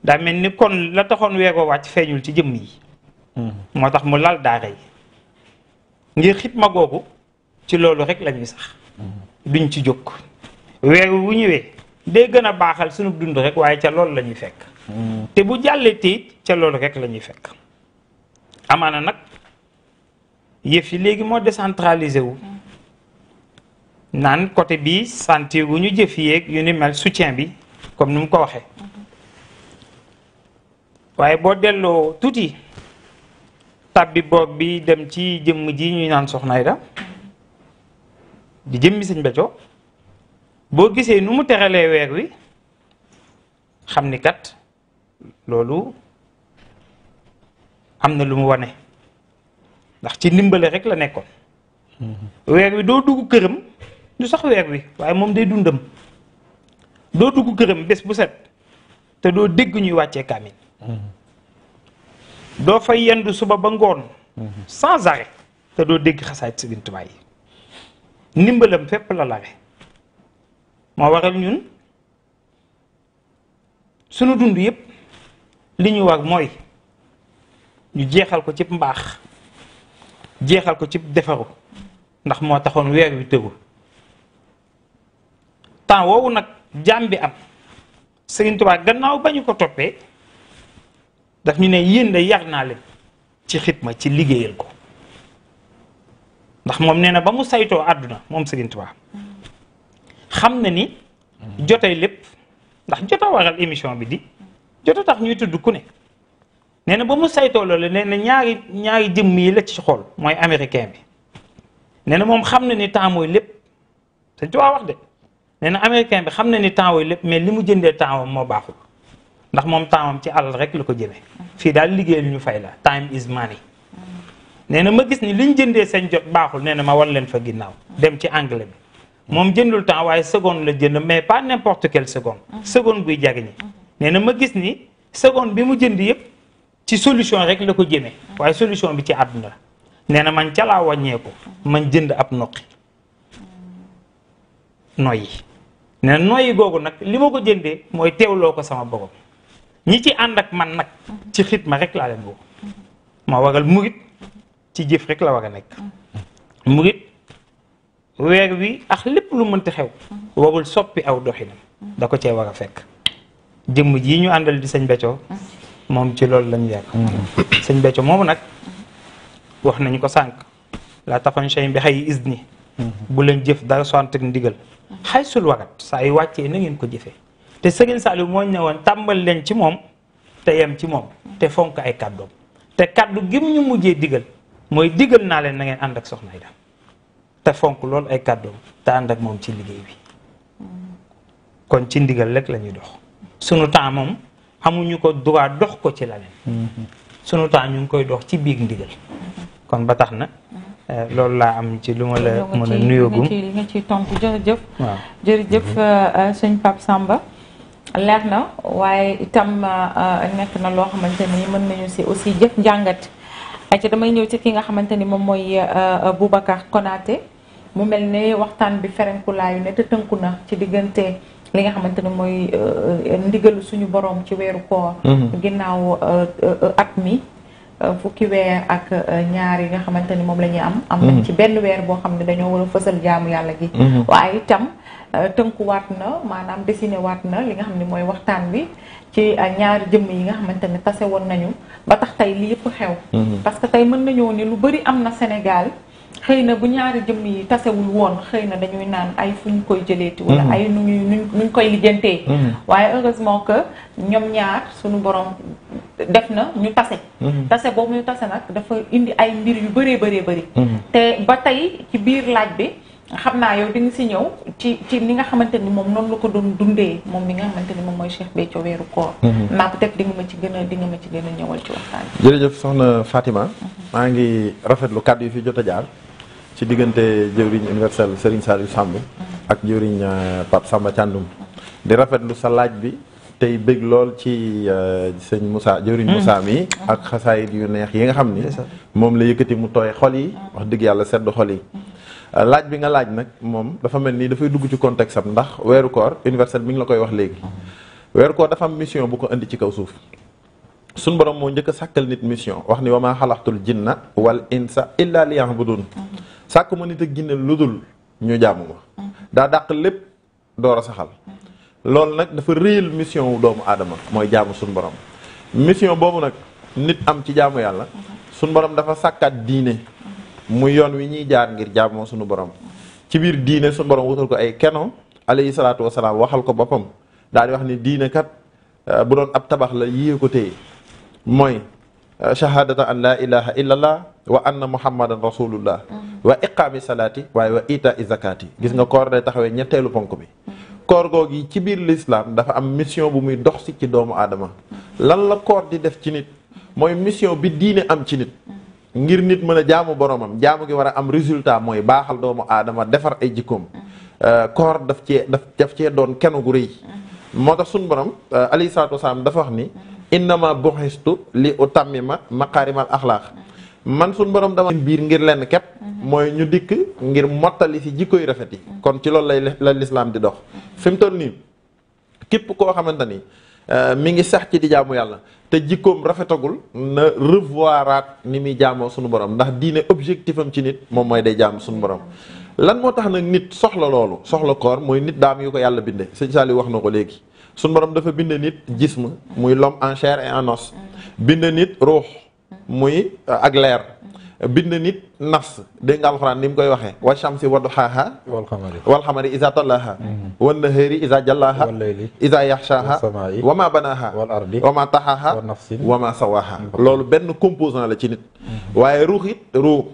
daa mel ni kon la taxoon weeroo wàcc feeñul ci jëmm yi moo tax mu lal daara yi ngir ma googu ci loolu rek lañuy sax duñ ci jóg weer wu ñëwee day gën a baaxal sunu dund rek waaye ca loolu la ñuy fekk te bu jàllee teyit ca loolu rekk lañuy fekk amaana nag yëf yi léegi moo décentralisé wu naan côté bi santé wu ñu jëf yeeg yu ni mel soutien bi comme ni mu ko waxee waaye boo delloo tuuti tàbbi boob bi dem ci jëmm ji ñuy naan Soxna Aida di jëmmi Sëñ Béthio boo gisee nu mu teralee weer wi xam ni kat loolu am na lu mu wane ndax ci ndimbale rek la nekkoon mhm. weer wi doo dugg këram du sax weer wi waaye moom day dundam doo dugg këram bés bu set te doo dégg ñuy wàcce kaamil mhm. doo fay yendu suba ba ngoon mhm. sans arrêt te doo dégg xasaayit Sëriñ Tuubaa yi ndimbalam fépp la lare moo waral ñun sunu dund yépp li ñu war mooy ñu jeexal ko ci mbaax jeexal ko ci defaru ndax moo taxoon weer wi tëru temps woowu nag jaam bi am Sëriñ gannaaw ba ñu ko toppee daf ñu ne yéen de yar naa leen ci xitma ci liggéeyal ko ndax moom nee na ba mu saytoo àdduna moom Sëriñ xam na ni jotay lépp ndax jot a waral émission bi di jot a tax ñuy tudd ku ne nee na ba mu saytoo loolu nee na ñaari ñaari jëm yi la ci xool mooy américain bi nee na moom xam na ni temps mooy lépp dañ ci wax de nee na américain bi xam na ni temps mooy lépp mais li mu jëndee temps moo baaxul ndax moom temps ci alal rek la ko jëmee fii daal liggéeyal ñu fay la time is money nee na ma gis ni liñ jëndee seen jot baaxul nee na ma war leen fa ginnaaw dem ci anglais bi. mom jëndul temps waaye seconde la jënd mais pas n'importe quelle seconde mhm. seconde buy jariñe mhm. néna ma gis ni seconde bi mu jënd yëpp ci solution rek la ko jëmé mhm. waaye solution bi ci aduna la nee na man ca laa wàññeeku man jënd ab noqi noyyi nee na noyyi googu nag li ma ko jëndee mooy ko sama borom ñi ci ànd ak man nak ci xitma rek la len bo ma waral mourid ci jëf rek la war nek mourid weer wi ak lépp lu mënti xew warul soppi aw doxinam da ko cee war a fekk jëmm ji ñu àndal di sëñ Béthio moom ci loolu lañu yàgg sëñ Béthio moom nag wax nañu ko sànq laa tafan shay bi xay isni bu leen jëf dara soantek ndigal xay sul saa yu wàccee na ngeen ko jëfee te Serigne Saliou moo ñëwoon tàmbal leen ci moom te yem ci moom te fonk ay kàddoom te kàddu gi mu ñu mujjee digal mooy digal naa leen na ngeen ànd ak soxna Aida te fonk lool ay kàddoom te ànd ak moom ci liggéey bi kon ci ndigal rek lañuy dox sunu temps moom amuñu ko droit dox ko ci leneen sunu temps ñu ngi koy dox ci biir ndigal kon ba tax na euh, loolu laa am ci lu ma la mën a nuyóogum li nga ciy tontu jërëjëf waaw jërëjëf mm-hmm. euh, euh, sëñ Pape leer na waaye itam nekk na loo xamante ni mën nañu si aussi jëf njàngat ayca damay ñëw ci ki nga xamante ni moom mooy euh, euh, Boubacar Konaté mu mel ne waxtaan bi ferenkulaayu ne te tënku na ci diggante li nga xamante ne mooy euh, ndigalu suñu borom ci weeru koor mm-hmm. at mi fukki weer ak ñaar yi nga xamante ni moom la ñuy am am nañ mm-hmm. ci benn weer boo xam ne dañoo war fësal jaamu yàlla gi mm-hmm. waaye itam tënkuwaat na maanaam dessiné waat na li nga xam ne mooy waxtaan bi ci ñaari jëmm yi nga xamante ne tase woon nañu ba tax tey li yëpp xew mm-hmm. parce que tey mën nañoo ni lu bëri am na senegal xëy na bu ñaari jëmm yi tasewul woon xëy na dañuy naan ay fu ñu koy jëleeti wala mm-hmm. ay nu ñuy nuñ koy lijjantee mm-hmm. waaye heureusement que ñoom ñaar suñu borom def na ñu tase tase boobu ñu tase nag dafa indi ay mbir yu bëree bëree bëri te ba tey ci biir laaj bi xam naa yow di nga si ñëw ci ci ni nga xamante ni moom noonu la ko doon dundee moom mi nga xamante ni moom mooy Cheikh Béthio weeru koor naa mhm. peut-être di nga ma ci gën a di nga ma ci gën a ñëwal ci waxtaan jërëjëf soxna Fatima mhm. maa ngi rafetlu kàddu yi fi jot a jaar ci diggante jëwriñ universel Serigne Saliou Samb mhm. ak jëwriñ euh, pap Samba Thiandoum di rafetlu sa laaj bi tey bëgg lool ci euh, sëñ Moussa jëwriñ Moussa mi ak xasaayit yu neex yi nga xam ni moom la yëkkati mu tooy xol yi wax dëgg yàlla sedd xol yi Euh, laaj bi nga laaj nak mom dafa melni ni fay dugg ci contexte am ndax wéru koor universel mi ngi la koy wax légui wéru koor dafa am mission bu ko andi ci kaw suuf sun borom mo ñëk sakal nit mission wax ni wa maa jinna wal insa illa liya'budun sakku mo nit ak jinna ludul ñu jamm ma da dàq lepp doora saxal lool nak dafa reel mission wu doomu adama moy jamm sun borom mission bobu nak nit am ci jamm yalla sun borom dafa sakkat diine muy yoon wi ñuy jaar ngir jaamoo suñu borom ci biir diine suñu borom wutal ko ay keno alayhi salaatu wasalaam waxal ko boppam daal di wax ni diine euh, bu doon ab tabax la yii mooy euh, shahadata an la ilaha illallah wa anna muhammadan rasulullah mm-hmm. salaati waaye wa ita i zakaati gis nga koor day taxawee ñetteelu ponk bi mm-hmm. koor googi ci biir lislaam dafa am mission bu muy dox si ci doomu aadama mm-hmm. lan la koor di def ci nit mooy mission bi diine am ci nit ngir nit mën a jaamu boromam jaamu gi war a am résultat mooy baaxal doomu aadama defar ay jikkoom euh, koor daf cee daf daf cee doon kenn gu rëy moo tax sunu borom euh, alayhi salaatu wasalaam dafa wax ni innama buxistu li utammima maqaarimal axlaaq man sunu borom dama biir ngir lenn képp mooy ñu dikk ngir mottali si jikko yu rafet yi kon ci loolu lay la lislaam di dox fi mu nii képp koo xamante ni euh, mi ngi sax ci di jaamu yàlla te jikkoom rafetagul na revoiraat ni muy jaamoo suñu borom ndax diine objectif am ci nit moom mooy day jàmm suñu borom lan moo tax nag nit soxla loolu soxla koor mooy nit daam yu ko yàlla binde sëñ Saliou wax na ko léegi suñu borom dafa bind nit jisme muy l'homme en chair et en os mm. bind nit ruux muy euh, ak leer bind nit nafs dégg nga alxuraan ni mu koy waxee wa shamsi wa duhaaha wal xamari isa tallaha wan nahari isa jallaha isa yaxshaaha wa ma banaaha wa ma taxaaha wa ma sawaaha loolu benn composant la ci nit waaye ruux it ruux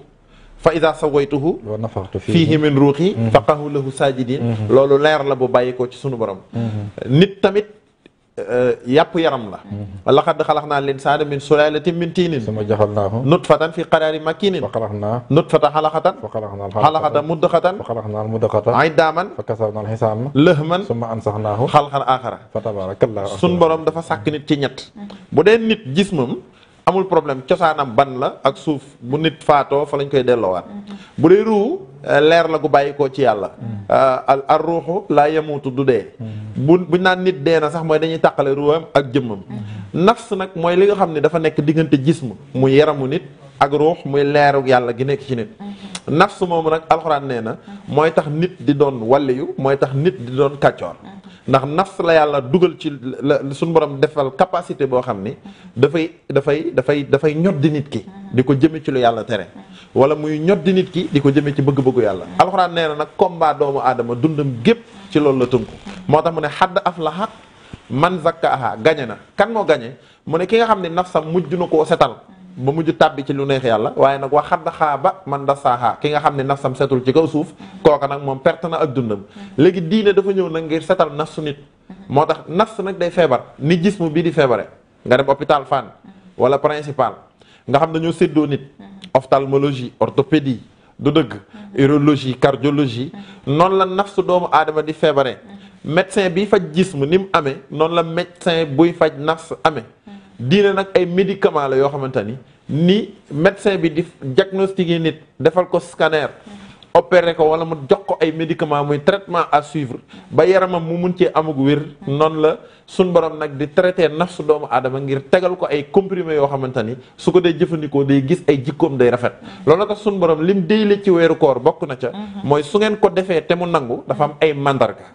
fa isa sawaytuhu fiihi min ruuxi faqahu lahu saajidin loolu leer la bu bàyyi ci sunu borom nit tamit يب يرم لا الله قد خلقنا الإنسان من سلالة من تين ثم جعلناه نطفة في قرار مكين فخلقنا نطفة حلقة فخلقنا الحلقة مدقة فخلقنا المدقة عداما فكسبنا الحسام لهما ثم أنسحناه خلقا آخر فتبارك الله سنبرم دفا سكن تينيت بدين نت جسمم amul problème cosaanam ban la ak suuf bu nit faatoo fa lañ koy delloowaat bu dee ruu euh, leer la gu bàyyikoo ci yàlla euh, al ar ruuxu laa yamutu du dee bu buñ naan nit dee na sax mooy dañuy tàqale ruuwam ak jëmmam nafs nag mooy li nga xam ne dafa nekk diggante jism mu yaramu nit ak ruux muy leeru yàlla gi nekk ci nit nafs moomu nag alxuraan nee na mooy tax nit di doon walliyu mooy tax nit di doon kàccoor ndax nafs la yàlla dugal ci la suñu borom defal capacité boo xam ni dafay dafay dafay dafay ñot di nit ki di ko jëme ci lu yàlla tere wala muy ñot di nit ki di ko jëme ci bëgg-bëggu yàlla alxuraan nee na nag combat doomu aadama dundam gépp ci loolu la tënku moo tax mu ne xadd af la xaq man zakka gañe na kan moo gañe mu ne ki nga xam ne nafsam mujj na koo setal ba mujj tàbbi ci lu neex yàlla waaye nag wax xadd ba man da saaxaa ki nga xam ne nafsam setul ci kaw suuf kooka nag moom perte na ak dundam léegi diine dafa ñëw nag ngir setal nafsu nit moo tax nafs nag day feebar ni jismu bii di feebare nga dem hôpital Fann wala principal nga xam dañoo séddoo nit ophtalmologie orthopédie du dëgg urologie cardiologie noonu la nafsu doomu aadama di feebare médecin bi faj jismu ni mu amee noonu la médecin buy faj nafs amee diine nag ay médicament la yoo xamante ni ni médecin bi di diagnostiqué nit defal ko scanner opéré ko wala mu jox ko ay médicament muy traitement à suivre ba yaramam mu mun cee amagu wér noonu la suñ borom nag di traité su doomu aadama ngir tegal ko ay comprimés yoo xamante ni su ko dee jëfandikoo day gis ay jikkoom day rafet loolu tax suñ borom lim déyle ci weeru koor bokk na ca mm-hmm. mooy su ngeen ko defee te mu nangu dafa am ay mandarga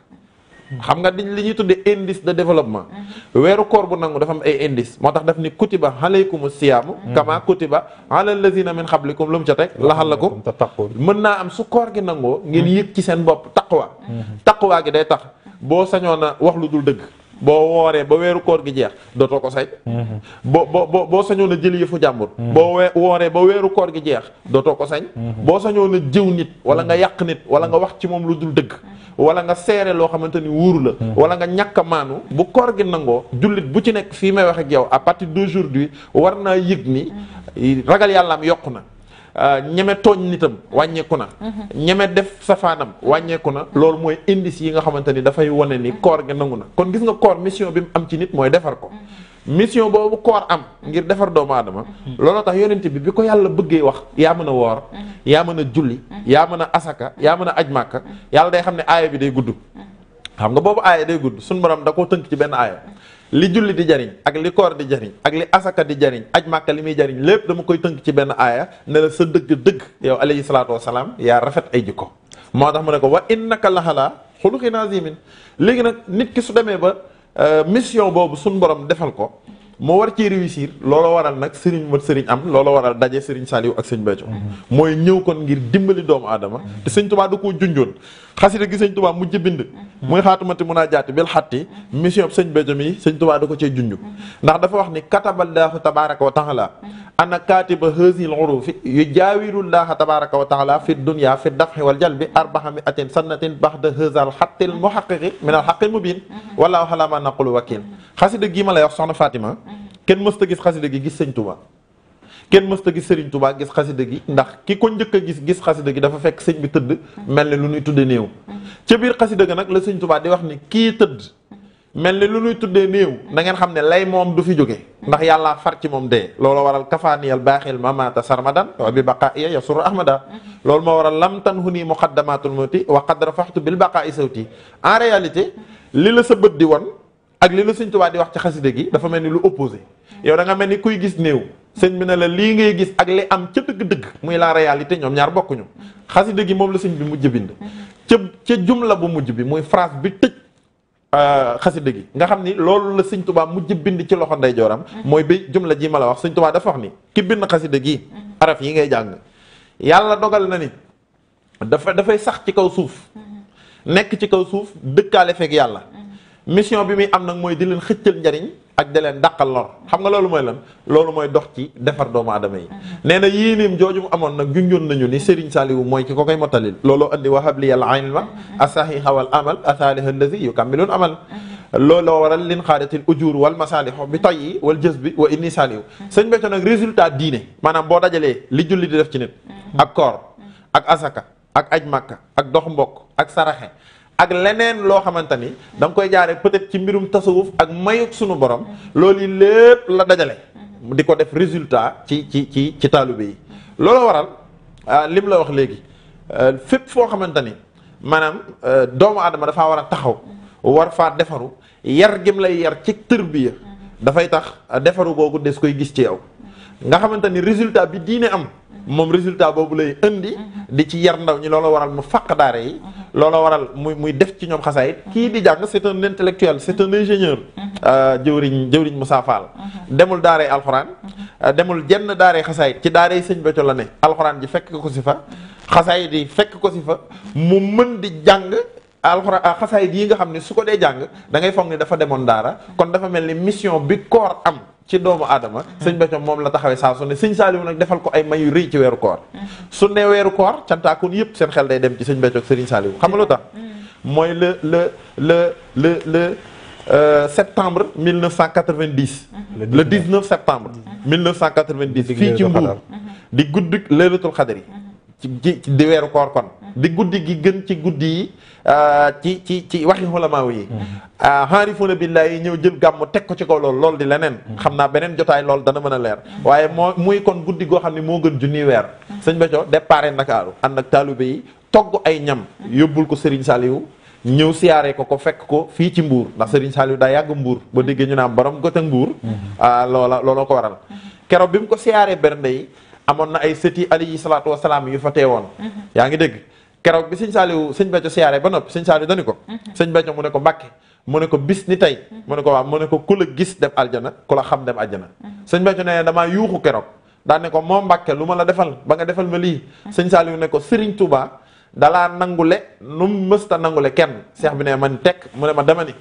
xam nga diñ li ñuy tuddee indice de développement mm-hmm. weeru koor bu nangu dafa am ay indice moo tax daf ni ba kutiba alaykumu siyaamu mm-hmm. kama kutiba ala lazina min xablikum lu mu ca teg laxalakum mën naa am su koor gi nangoo ngeen mm-hmm. yëg ci seen bopp taqwa taqwa gi day tax boo sañoon a wax lu dul dëgg boo wooree ba weeru koor gi jeex dootoo ko sañ mm-hmm. boo boo boo sañoon a jël yëfu jàmbur mm-hmm. boo we wooree ba weeru koor gi jeex dootoo ko sañ mm-hmm. boo sañoon a jiw nit wala nga yàq nit wala nga wax ci moom lu dul dëgg wala nga seere loo xamante ni wuuru la wala nga ñàkk a maanu bu koor gi nangoo jullit bu ci nekk fii may wax ak partie à partir d'aujourd'hui war naa yëg ni ragal yàllaam yokku na Euh, ñeme tooñ nitam wàññeeku na mhm. ñeme def safaanam wàññeeku na loolu mooy indice yi nga xamante ni dafay wane ni mhm. koor gi nangu na kon gis nga koor mission bi mu am ci nit mooy defar ko mhm. mission boobu koor am ngir defar doomu aadama looloo tax yonent bi bi ko yàlla bëggee wax yaa mën a woor yaa mën a julli yaa mën a asaka yaa mën a aj màkk yàlla day xam ne aaya bi day gudd xam nga boobu aaya day gudd suñu borom da koo tënk ci benn aaya li julli di jariñ ak li koor di jariñ ak li asaka di jariñ aj màkka li muy jariñ lépp dama koy tënk ci benn aaya ne la sa dëgg-dëgg yow alayhi salaatu wasalaam yaa rafet ay jikko moo tax mu ne ko wa innaka laxalaa xuluqin azimin léegi nag nit ki su demee ba euh, mission boobu suñ borom defal ko moo war ci réussir looloo waral nag sëriñ mat sëriñ am looloo waral daje sëriñ Saliou ak sëñ Béthio mm-hmm. mooy ñëw kon ngir dimbali doomu aadama mm-hmm. te sëñ Tuubaa da koo junjoon خاسيرة جسنج توبا موجي بند موي خاتو ماتي مونا جاتي بيل حاتي ميسيو اب سنج بيجامي سنج توبا تي جونيو ناخ دا فا واخني كتب الله تبارك وتعالى ان كاتب هذه العروف يجاور الله تبارك وتعالى في الدنيا في الدفع والجلب 400 سنه بعد هذا الحق المحقق من الحق المبين والله حلا ما نقول وكيل خاسيرة جي مالا يخ سخنا فاطمه كين مستغيس خاسيرة جي جي سنج Ken musta gis Serigne Touba gis xasida gi ndax ki ko gis gis xasida gi dafa fekk serigne bi teud melni lu ñuy tuddé néew ci bir xasida ga nak la Serigne Touba di wax ni ki teud melni lu ñuy tuddé na ngeen xamné lay mom du fi joggé ndax yalla far ci mom dé loolu waral al mama mama sarmadan wa bi baqaiya yasuru ahmada loolu mo waral lam tanhuni muqaddamatul muti. wa qad rafahtu bil baqa'i sawti en réalité li la sa bët di won ak li la Serigne Touba di wax ci xasida gi dafa melni kui lu opposé yow da nga melni kuy gis new sëñ bi ne la lii ngay gis ak li am ca dëgg-dëgg muy la réalité ñoom ñaar bokkuñu xasida gi moom la sëñ bi mujj bind ca ca jumla bu mujj bi muy phrase bi tëj euh, xasida gi nga xam ni loolu la sëñ tubaa mujj bind ci loxo ndeyjooram mooy bi jumla ji ma la wax sëñ tubaa dafa wax ni ki bind xasida gi araf yi ngay jàng yàlla dogal na ni dafa dafay sax ci kaw suuf nekk ci kaw suuf dëkkaale feek yàlla mission bi muy am nag mooy di leen xëccal njariñ ak di leen dakkal lor xam nga loolu mooy lan loolu mooy dox ci defar doomu aadama yi nee na yéenéem jooju mu amoon nag junjoon nañu ni Serigne Saliou mooy ki ko koy mottalil looloo andi wahab li al ilma asahiha wal amal asaaliha allazi yukammilun amal looloo waral lin xaadatil ujur wal masalih bi tayyi wal jazbi wa inni saliw sëñ Béthio nag résultat diine maanaam boo dajalee li julli di def ci nit ak koor ak asaka ak aj màkka ak dox mbokk ak saraxe ak leneen loo xamante ni da koy jaaree peut-être ci mbirum tasawuf ak mayuk sunu borom loolu lépp la dajale di ko def résultat ci ci ci ci taalibe yi loolu waral ah, lim la wax léegi euh, fépp foo xamante ni maanaam euh, doomu aadama dafa war a taxaw war faa defaru yar gim lay yar ci tërbiya dafay tax defaru googu des koy gis ci yow nga xamante ni résultat bi diine am moom résultat boobu lay indi mhm. di ci yar ndaw ñi looloo waral mu fàq daare yi mhm. looloo waral muy muy def ci ñoom xasaayit mhm. kii di jàng c'est un intellectuel c'est un ingénieur euh, jëwriñ jëwriñ Moussa Fall demul daaray alxuraan euh, demul jenn daaray xasaayit ci daare yi sëñ Béthio la ne alxuraan ji fekk ko si fa xasaayit yi fekk ko si fa mu mën di jàng alxuraan euh, xasaayit yi nga xam ne su ko dee jàng da ngay foog ni dafa demoon daara kon dafa mel ni mission bi koor am ci doomu aadama sëñ Béthio moom la taxawee saa su ne sëñ Saliou nag defal ko ay mayu rëy ci weeru koor su ne weeru koor cantaakoon yëpp seen xel day dem ci sëñ Béthio ak sëriñ Saliou xam mooy le le le le le Euh, septembre 1990. le 19, le 19 septembre. 1990 fii ci Mbuur di guddi leelatul xadar yi. Mhm. ci di weeru koor kon. di guddi gi gën ci guddi yi euh, ci ci ci waxi xulamaaw yi mm-hmm. euh, xaarifuuna billaahi yi ñëw jël gàmmu teg ko ci ko lool lool di leneen mm-hmm. xam naa beneen jotaay lool dana mën a leer mm-hmm. waaye moo muy kon guddi goo xam ne moo gën junni weer sëñ Béthio départ Ndakaaru ànd ak taalibe yi togg ay ñam yóbbul ko Serigne Saliou ñëw siyaare ko ko fekk ko fii ci Mbuur ndax Serigne Saliou daa yàgg Mbuur ba déggee ñu naan borom gote Mbuur ah, loola looloo ko waral keroog bi mu ko siyaaree bernde yi amoon na ay sëti alayhi salaatu wasalaam yu fa teewoon yaa ngi dégg keroog bi sëñ Saliou sëñ Béthio siyaare ba noppi sëñ Saliou dani ko mhm. sëñ Béthio mu ne ko Mbàkke mu ne ko bis ni tey mhm. mu ne ko waaw mu ne ko ku la gis dem aljana ku la xam dem aljana mhm. sëñ Béthio ne damaa yuuxu keroog daan ne ko moo Mbàkke lu ma la defal ba nga defal ma lii sëñ Saliou ne ko Sëriñ Tuubaa bi ne man tekk mu ma dama ni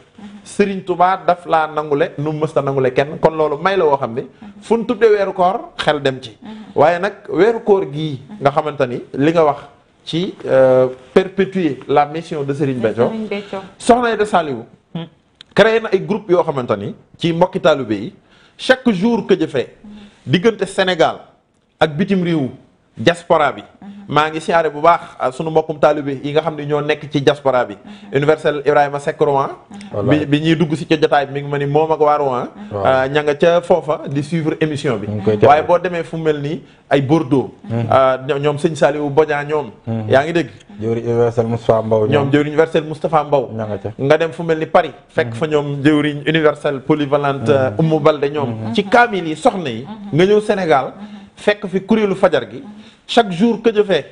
Sëriñ Tuubaa daf laa nangule nu mësta nangule kenn kon loolu may la woo xam ne fu ñu tuddee weeru koor xel dem ci waaye nag weeru koor gii nga xamante li nga wax Qui euh, perpétuer la mission de Serigne Béthio Bédio. Aïda de de hmm. créer un groupe yoo xamante Qui ci mbokki le pays chaque jour que je fais jëfee hmm. au Sénégal Avec bitim Riou, diaspora bi maa ngi siyaare bu baax ah, sunu mbokkum taalibe yi nga xam ne ñoo nekk ci diaspora bi universel Ibrahima Seck Rouen bi ñuy dugg si ca jotaay bi mi ngi ma ni moom ak waa Rouen ah, ña nga ca foofa di suivre émission bi waaye boo demee fu mel nii ay Bordeaux hmm. ah, ñoom sëñ Saliou Bodian ñoom hmm. yaa ngi dégg jëwriñ universel Mbow ñoom jëwriñ universel Moustapha Mbow nga dem fu mel ni Paris hmm. fekk fa ñoom jëwriñ universel polyvalente Oumou Balde ñoom ci kaamil yi soxna yi nga ñëw Sénégal fekk fi kuréelu fajar gi chaque jour que je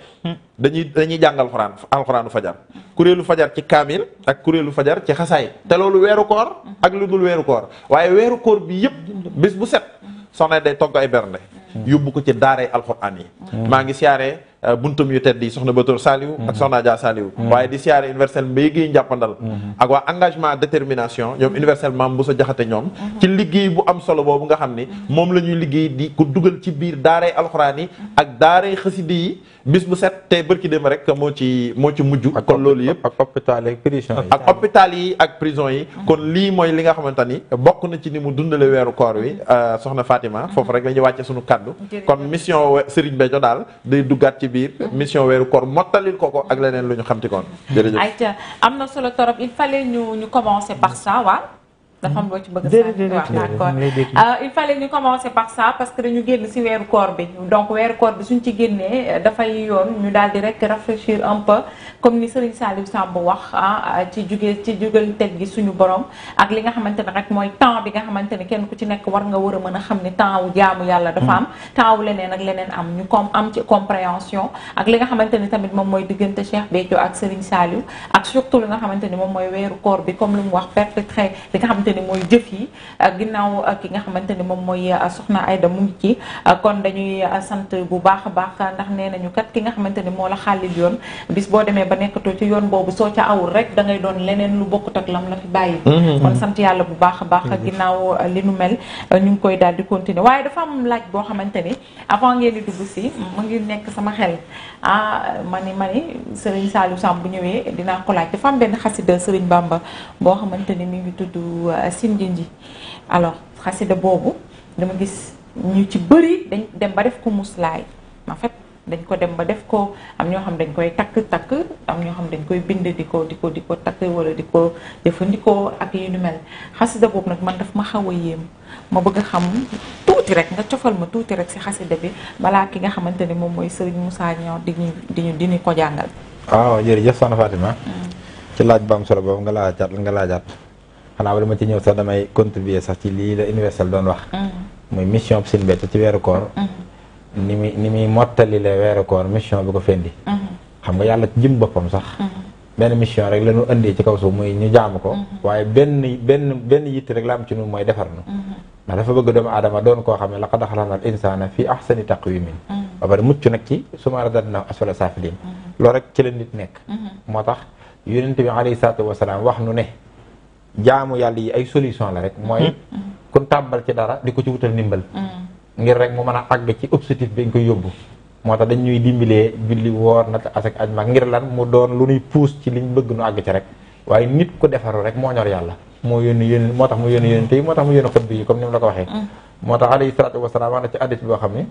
dañuy dañuy jàng alxuraan alxuraanu fajar kuréelu fajar ci kaamil ak kuréelu fajar ci xasaay te weeru koor ak lu dul weeru koor waaye weeru koor bi yëpp bis bu set soxna day togg ay bernde yóbbu ko ci daaray alxuraan yi maa ngi siyaaree Euh, buntum yu tedd yi soxna Batoor Saliou ak mhm. soxna Adja Saliou mhm. waaye di siyaare universel mbéy yi njàppandal mhm. ak waa engagement détermination ñoom universel bu sa jaxate ñoom ci liggéey bu am solo boobu nga xam ni moom la ñuy liggéey di ku dugal ci biir daaray alxuraan yi ak daaray xaside yi bis bu set te bërki dem rek moo ci moo ci mujj kon loolu yëpp ak hôpital yi ak prison yi ak hôpital yi yi kon lii mooy li nga xamante ni bokk na ci ni mu dundale weeru koor wi euh, soxna Fatima foofu rek la ñuy wàcce suñu kaddu ci mission wéru kor motalil koko ak leneen luñu ñu xamti kon jërëjëf ayca am solo torop il fallait ñu ñu commencer par ça waaw dafa am loo ci a wax d'accord euh, il parce que dañu génn weeru koor bi donc weeru koor bi suñ euh, dafay yoon ñu daal di rek rafraîchir un peu comme ni Serigne Saliou Samb wax ah, ah, ci jugee ci jugal gi suñu borom ak li nga xamante ne rek mooy temps bi nga xamante ne kenn ku ci nekk war nga war a mën a xam ne temps wu jaamu yàlla dafa am hmm. temps wu leneen ak leneen am ñu comme am ci compréhension ak li nga xamante ni tamit moom mooy diggante Cheikh Béthio ak Serigne Saliou ak surtout li nga xamante ni moom mooy weeru koor bi comme lu mu wax perpétré li nga xamante xamanteni moy jëf yi ginnaw ki nga xamanteni ni moy ah, soxna Aida mu ngi ci ah, kon dañuy ah, sante bu baax baax ndax nenañu kat ki nga xamanteni ni la xalil yoon bis bo démé ba nekkatoo ci yoon bobu so ci awul rek da ngay doon leneen lu bokkut ak lam la fi bayyi mm-hmm. kon sante yalla bu baax a baax ginnaw li nu mel ñu ngi koy dal di continuer waye dafa am laaj bo xamanteni ni avant ngeen di dugg ci mu ngi nekk sama xel ah mani mani Serigne salou sam bu ñëwé dina ko laaj dafa am ben xassida Serigne Bamba bo xamanteni ni mi ngi tuddu Euh, Sinjinji alors xasida boobu dama gis ñu ci bëri dañ dem ba def ko muslaay en fait dañ ko dem ba def ko am ñoo xam dañ koy takk takk am ñoo xam dañ koy bind di ko di ko di ko takk wala di ko jëfandikoo ak yu nu mel xasida boobu nag man daf ma xaw a yéem ma bëgg a xam tuuti rek nga cofal ma tuuti rek si xasida bi balaa ki nga xamante ne moom mooy Serigne Moussa Niang di ñu di ñu di ñu ko jàngal. waaw ah, jërëjëf soxna Fatima. Mm. ci laaj bu am solo boobu nga laajaat nga laajaat. xanaa wala ma ci ñëw sax damay contribuer sax ci lii la universel doon wax mm. muy mission bi Sëñ Béthio ci weeru koor mm. ni muy ni muy mottali la weeru koor mission bi ko fendi mm. xam nga yàlla ci jëm boppam sax benn mission rek lañu indee ci kaw suuf muy ñu jaamu ko waaye benn benn benn yitt rek la am ci ñun mooy defar nu ndax dafa bëgg doomu aadama doon koo xam ne laqad xalaqnal insaana fii ahsani taqwiimin ba pare mucc nag ci summa radadnaahu asfala saafiliin loolu rek ci la nit nekk moo tax yonent bi alayhi salaatu wasalaam wax nu ne jaamu yàlla yi ay solution la rek mooy hmm. kun tàbbal ci dara di ko ci wutal ndimbal hmm. ngir rek mu mën a àgg ci objectif bi ñu koy yóbbu moo tax dañ ñuy dimbalee woor nag asak aj ngir lan mu doon lu nuy puus ci liñ bëgg nu àgg ci rek waaye nit ku defaru rek moo ñor yàlla moo yónni yónni moo tax mu yónni yónni tey moo tax mu yónni xutba yi comme ni mu la ko waxee hmm. moo tax alayhi salaatu a wax na ci addis boo xam ne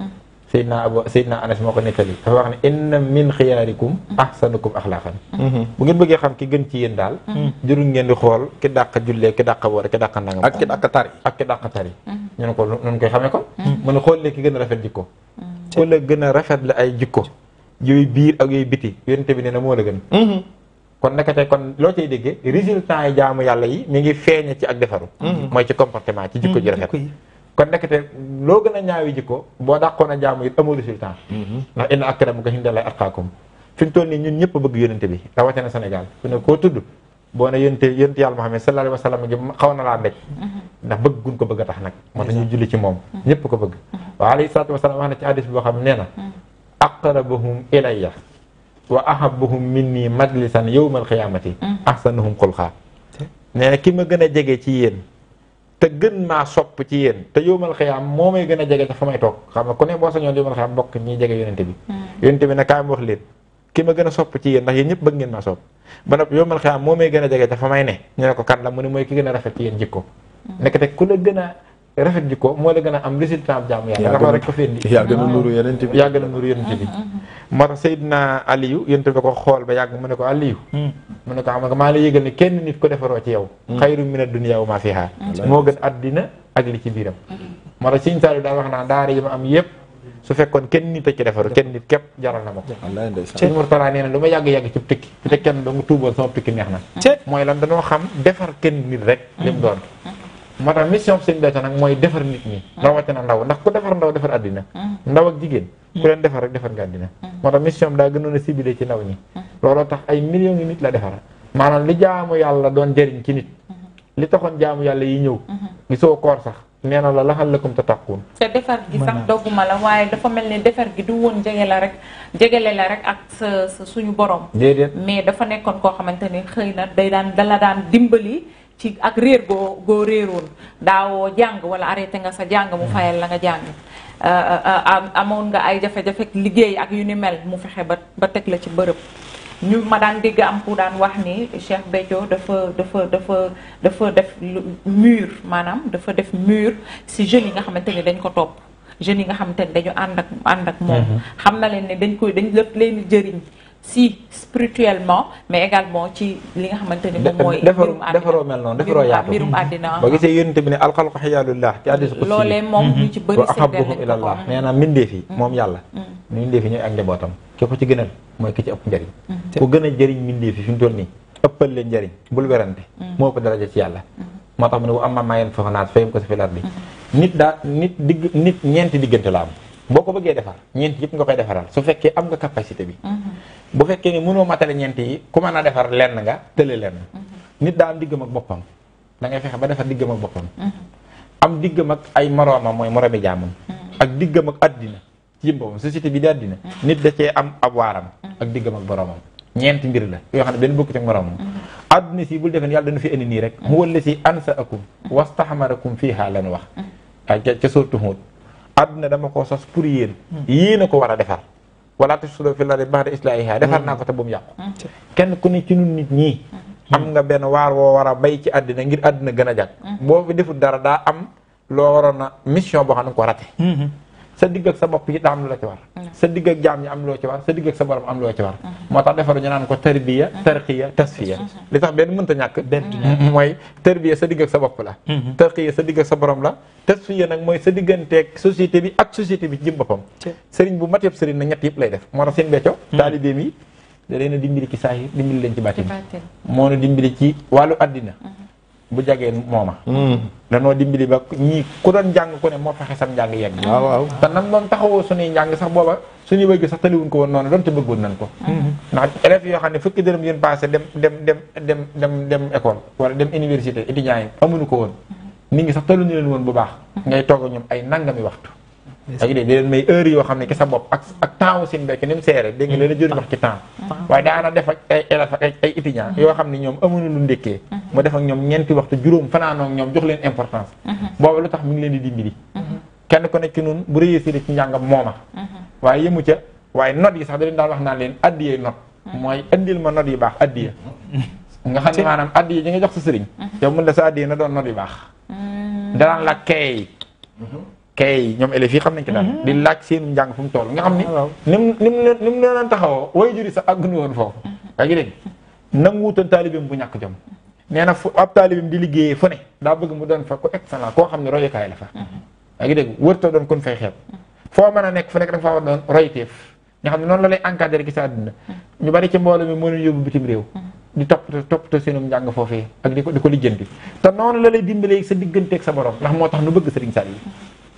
Seydina Abu Seydina Anas moo ko nettali dafa wax ne inna min xiyaarikum ahsanukum axlaaqan mhm. bu ngeen bëggee xam ki gën ci yéen daal mhm. jërul ngeen di xool ki dàq jullee ki dàq woor ki dàq nangam ak ki dàq tari ak ki dàq tari mhm. ñu ne ko nun koy a la gën a rafet la ay jikko yooyu biir ak yooyu biti yonente bi nee na moo kon loo cay déggee résultat yi jaamu yàlla yi mi ngi feeñe ci ak defaru mooy ci comportement ci jikko ji rafet kon nekkte loo gën a ñaawi jikko boo dàqoon a jaamu it amul résultat mhm. ndax inna akramakum indallahi atqaakum fi mu toll nii ñun ñëpp bëgg yónente bi rawatina Sénégal fu ne koo tudd boo ne yónente yónente yàlla Muhammad sallallahu alayhi wa sallam gi xaw na laa ndej mhm. ndax bëgg gun ko bëgg a tax nag moo tax ñu julli ci moom mhm. ñëpp ko bëgg waaw alayhi sa wa salaam wax na ci hadis boo xam nee na aqrabuhum ilayya wa ahabuhum minni majlisan yawmal qiyaamati ahsanuhum xulqaa nee na ki ma gën a jege ci yéen te gën maa sopp ci yéen te yowmal xiyaam moo may gën a jege ca fa may toog xam nga ku ne boo sañoon yowmal xiyaam mbokk ñiy jege yonente bi hmm. yonente bi nag mu wax leen ki ma gën a sopp ci yéen ndax yéen ñëpp bëgg ngeen maa sopp ba noppi yowmal moo may gën a jege ca fa may ne ñu ne ko kan la mu ne mooy ki gën a rafet ci yéen jikko hmm. nekk ku la gën a rafet ji moo la gën a am résultat am jaamu yàlla dafa rek ko fendi yaa gën a ah. nuru yeneen bi yaa gën a nuru yeneen bi ah, ah, moo ko xool ba yàgg mu ne ko Aliyu hmm. mu ne ko am nga maa la yëgal ne kenn nit ko defaroo ci yow hmm. xayru mina dunya wa maa fiihaa hmm. moo gën àddina ak li ci biiram moo tax Sëñ Saliou daal wax naa daara yi ma am yëpp su fekkoon kenn nit a ci defaru kenn nit képp jaral na ma ko sëñ Murtala nee na lu ma yàgg-yàgg ci tukki te kenn dong tuuboon sama tukki na mooy lan dañoo xam defar kenn nit rek lim doon moo tax mission sëñ Béthio nag mooy defar nit ñi mm. rawatina ndaw ndax ku defar ndaw defar àddina mm. ndaw ak jigéen ku mm. leen defar rek defar nga àddina moo tax mission daa gënoon a ciblé ci ndaw ñi looloo tax ay millions yi nit la defar maanaam li jaamu yàlla doon jëriñ ci nit mm-hmm. li taxoon jaamu yàlla yi ñëw mm-hmm. gisoo koor sax nee na la laxal lëkkum te takkuun te defar gi sax waaye dafa mel ne defar gi du la rek jegele la rek ak sa suñu borom déedéet mais dafa nekkoon koo xamante ne xëy na daan dala daan dimbali ci ak réer goo goo réeroon daawoo jàng wala arrêté nga sa jàng mu fayal la nga jàng euh, euh, euh, amoon nga ay jafe liggéey ak yu ni mu fexe ba ba teg la ci bërëb ñu ma daan dégg am ku daan wax ni Cheikh Béthio dafa dafa dafa dafa def mur maanaam dafa def mur si jeunes yi nga xamante ni dañ ko topp jeunes yi nga xamante ni dañu ànd ak ànd ak mm-hmm. xam na leen ne dañ koy dañ lépp leen jëriñ si spirituellement mais également ci li nga xamante ni moom mooy. mbirum àddina defaroo mel noonu defaroo yaatu mbirum mm-hmm. àddina. boo gisee yonent bi ne alxalqu xiyaalullah ci hadiis qudsi loolee moom ñu ci bëri mm-hmm. ahabbuhum ilallah nee na mm-hmm. moom yàlla mbindeef yi ñooy ak njabootam ki ci gënal mooy ki ci ëpp njëriñ ku gën a jëriñ mbindeef yi nii ëppal leen njëriñ bul werante moo ko daraja ci yàlla moo tax mu ne bu am ma maayeen foofa naat fayam ko sa filaat bi nit nit digg nit ñeenti boo ko bëggee defar ñeent yëpp nga koy defaral su fekkee am nga capacité bi. Mm-hmm. bu fekkee ne mënoo matale ñeent yi ku mën a defar lenn nga tële lenn. Mm-hmm. nit daa am diggam ak boppam da ngay fexe ba defar diggam ak boppam. Mm-hmm. am diggam ak ay moroomam mooy moroomi jaamam. ak diggam ak àddina ci boppam société bi di àddina. nit da cee am ab waaram. ak diggam ak boroomam. ñeenti mbir la yoo xam ne benn bokkut ak moroomam. àdduna si bul defee yàlla dana fi indi nii rek. mu wëlle si ansaakum wastaxmarakum fiihaa lan wax. ca ca sooratu Huud àdduna dama koo sos pour yéen yéen a ko war a defar wala tufsidu fil ardi ba'da islaahihaa defar naa ko te bu mu yàqu mm. kenn ku ne ci ñun nit ñi mm. am nga benn waar woo war a bay ci àddina ngir àddina gën a jag mm. boo fi deful dara daa am loo waroon na mission boo xam ne ko rate mm-hmm. sa digg ak sa bop yi am lu ci war mm. sa digg ak jaam ñi am loo ci war sa digg ak sa borom am loo ci war mm-hmm. motax defaru ñaan ko tarbiya mm-hmm. tarqiya tasfiya mm-hmm. li tax mën ta ñak ben moy tarbiya sa digg ak sa bop la tarqiya sa digg ak sa borom la tasfiya nak moy sa ak société bi ak société bi jëm bu sëriñ na lay def motax seen becco talibé mi da leena dimbali ci saahir dimbali leen ci mo na dimbali ci walu adina bu jagee mooma hmm. danoo dimbali ba ñii ku doon njàng ku ne moo fexe sam njàng yegg waaw waaw te nag moom taxawoo suñuy njàng sax booba suñuy bëgg sax taliwuñ ko woon noonu doon te bëggoon nañ ko hmm. ndax élèves yoo xam ne fukki dërëm yéen passé dem dem dem dem dem dem école wala dem université étudiants yi amuñu ko woon hmm. nit ñi sax taluñu leen woon bu baax ngay toog ñoom ay nangami waxtu ak dee di leen may heure yoo xam ne ki sa bopp ak temps ni mu seere dégg nga leen jëriñ wax ci temps ah. waaye daana def ak ay élèves ay étudiants ah. yoo xam ne ñoom amuñu lu ndékkee ah. mu def ñoom ñeenti waxtu juróom fanaanoog ñoom jox leen importance booba lu tax mi ngi leen di dimbali kenn ku nekk ci nun bu réussir ci njàngam mooma waaye yëmu ca waaye not yi sax da leen daan wax naan leen addiyee not mooy andil ma not yu baax addiya nga xam ne maanaam addiya ji nga jox sa sëriñ yow mun la sa addiya na doon not yu baax la kay ñom élèves yi xam nañ ci dal mhm. di laaj seen jang fu mu nga xam ni nim nim nim leen taxaw way juri sa ag nu woon foofu mhm. yaa ngi dégg nanguutoon talibim bu ñak jom neena fu ab talibim di liggéeyee fu ne da bëgg mu doon fa ko excellent ko xam roy kay la fa mhm. yaa ngi dégg wërta doon kon fay xeb fo mëna nek fu nek da nga doon roy doon nga xam non noonu la lay encadrer ci sa àdduna ñu bari ci mbooloo mi moo bitim rew di top to seenum jang fofé ak di ko di ko lijjanti te noonu la lay dimbalee sa ak sa borom ndax moo tax nu bëgg serigne sall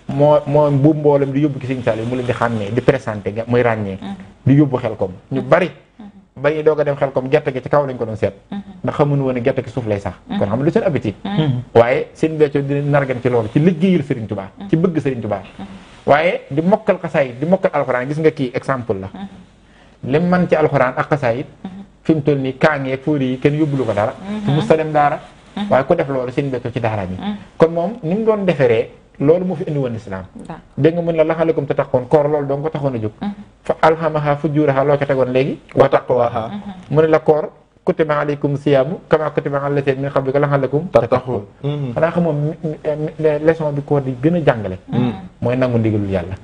mo mo bu mbolam di yobbu ci seigne Saliou mu leen di xàmmee di présenter nga moy ragné mm-hmm. di yóbbu xelkom ñu mm-hmm. bari mm-hmm. ba ni doga a dem xelkom gerte gi ci kaw lañ ko doon set da xamuñu woon ne gerte gi suuf lay sax kon xam lu seen appétit waye seigne béccoo di nargan ci loolu ci liggéeyal seigne Touba ci bëgg seigne Touba waye di mokal xasaayit di mokal alquran gis nga ki exemple la lim man ci alquran ak xasaayit fim tol ni nii kaangee ken yobbu kenn ko dara mu salem dara waye ko def loolu seigne béccoo ci dara ni kon mom nim doon defere loolu moo fi indi woon islam dégg nga mën la laxalikum te taxoon koor loolu dong ko taxoon a jóg mhm. fa alhamaha fujuraha loo ca tegoon léegi wa taqwaha mhm. mu ne la koor kutiba alaykum siyaamu kama kutiba ala llaziina min qablikum laxalikum tattaqoon mhm. xanaa xam moom eh, leçon bi koor di gën a jàngale mooy nangu ndigalul yàlla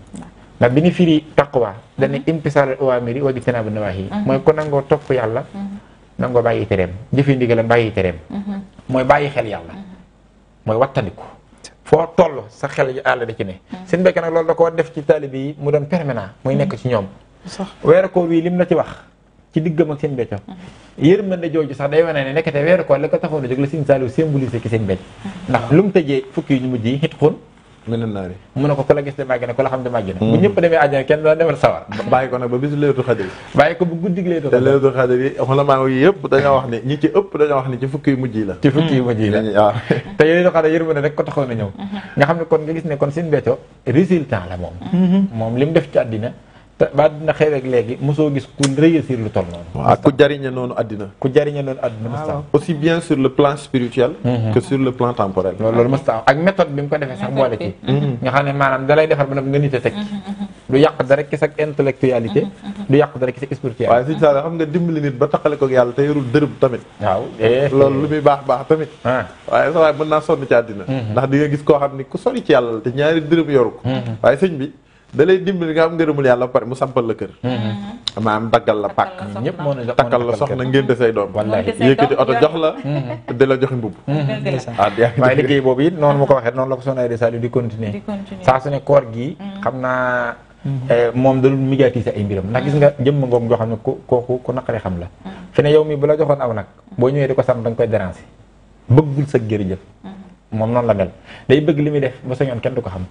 ndax bi ñu firi taqwa dañu imtisaal awaamiri wa jtinaabu nawaahi mooy ko nangoo topp yàlla nangoo bàyyi tereem jëfi ndigalam bàyyi tereem mooy bàyyi xel yàlla mooy wattandiku foo toll sa xel àll da ci ne hmm. seen mbékke nag loolu da koo def ci taalibe yi mu doon permanent muy hmm. nekk ci ñoom weeru koor wi lim la ci wax ci diggam ak seen becco hmm. yërmande jooju sax day wane ne nekkete weeru la ko taxoon a jóg la seen saaliw symbolisé ki seen becc ndax lu mu tëjee fukki yu ñu mujj yi xit xun mën naa ni ko la gis de màgg ne la xam de màgg bu hmm. ñëpp demee àjjana kenn doon demal sawar bàyyi ko nag ba bisu leetu xadir yi bàyyi ko bu guddig leetu te leetu xadir yi xulamaa dañoo wax ne ñi ci ëpp dañoo wax ne ci fukki yu la ci fukki yu mujj yi la hmm. waaw te leetu xadir rek ko taxoon a ñëw hmm. nga xam ne kon nga gis ne kon seen Béthio résultat la moom moom li mu def ci te ba àddina xew léegi mosoo gis ku réussir lu toll noonu. ak ku jariñe noonu àddina. ku jariñe noonu àddina mosut aussi bien sur le plan spirituel. Mhm. que sur le plan temporel. loolu mosut mhm. ba a mhm, ba taxale ko ak yàlla te yorul dërëm tamit. waaw eh. loolu lu muy baax baax tamit. Ah. waaye sa waay mën naa sonn ci àddina. ndax di gis koo xam ni ku sori ci yàlla te ñaari dërëm yoru waaye sëñ bi dalay dimbali nga am ngeerumul yalla par mu sampal le keur hmm am dagal la pak ñepp mo ne takal la soxna ngénte say doom yëkkati auto jox la mm-hmm. de la joxe mbub waaye liggéey boobu it non mu ko waxe non la ko sonay di Saliou di continuer saa su ne koor gi mm-hmm. xamna naa mm-hmm. eh, moom da doon médiatiser ay mbiram nak gis nga jëm ngom joo xamne ne ku kooku ku xam la fi ne yow mi bu la joxoon aw nak bo ñewé diko sam dang koy déranger bëggul sa gëri jëf mom non la mel day bëgg limi def ba sañon kenn duko xam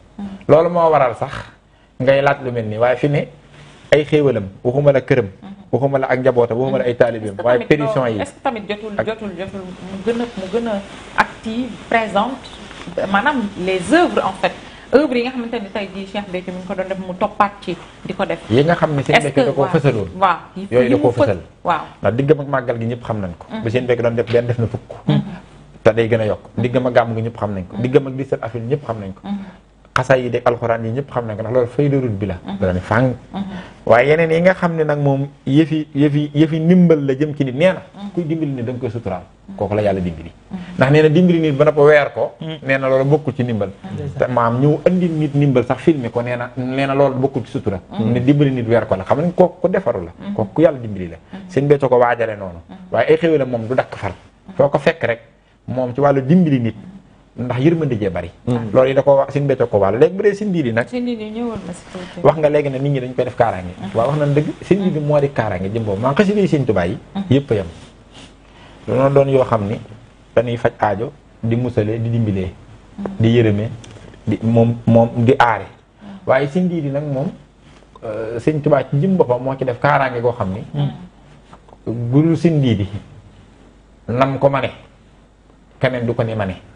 lolu mo waral sax ngay laaj lu mel nii waaye fi ne ay xéewalam waxuma la këram. Mhm. waxuma la ak njabootam waxuma la ay mhm. taalibeem waaye pétition yi est ce que tamit jotul jotul jotul mu gën a mu gën a active présente maanaam les œuvres en fait œuvre yi nga xamante ni tey ngi ko doon def mu toppaat ci di ko def. yi nga xam ne seen bekk da koo fësaloon. waaw yooyu da koo fësal. waaw ndax diggam ak gi ñëpp xam nañ ko. Mhm. ba seen bekk doon def na fukk. te day gën a yokk diggam ak gàmm gi ñëpp xam nañ ko. diggam ak 17 avril ñëpp xam nañ ko. xasa yi deg alxuraan yi ñëpp xam nañ ko ndax loolu faydarul bi la mhm. dana fàng mhm. waaye yeneen yi nga xam ne nag moom yëfi yëfi yëfi ndimbal la jëm ci nit nee na mhm. kuy dimbali nit da nga koy suturaal la yàlla dimbali ndax nee na dimbali nit ba na ko weer ko nee na loolu bokkul ci ndimbal maam ñëw andi nit ndimbal sax filmé ko nee na nee na loolu bokkul ci sutura ne dimbali nit weer ko la xam ne kooku ku defaru la kooku ku yàlla dimbali la seen bécco ko waajale noonu waaye ay xéwal la moom du dakk far foo ko fekk rek moom ci wàllu dimbali nit ndax yërmande jee bari mm. loolu yi da ko wax sin bécco ko wàll léegi bu dee sin diidi nag wax nga léegi ne nit ñi dañ koy def kaaraange mm. waaw wax na dëgg sin diidi moo di kaaraange jëm boobu maa xasida yi seen tubaay mm. yoo xam ni dañuy faj aajo di musalee di dimbilee di yërëme di moom di aare waaye sin diidi nag moom euh, seen tubaay ci moo ci def kaaraange goo xam ni bu dul sin diidi nam ko mane keneen du ko ni mane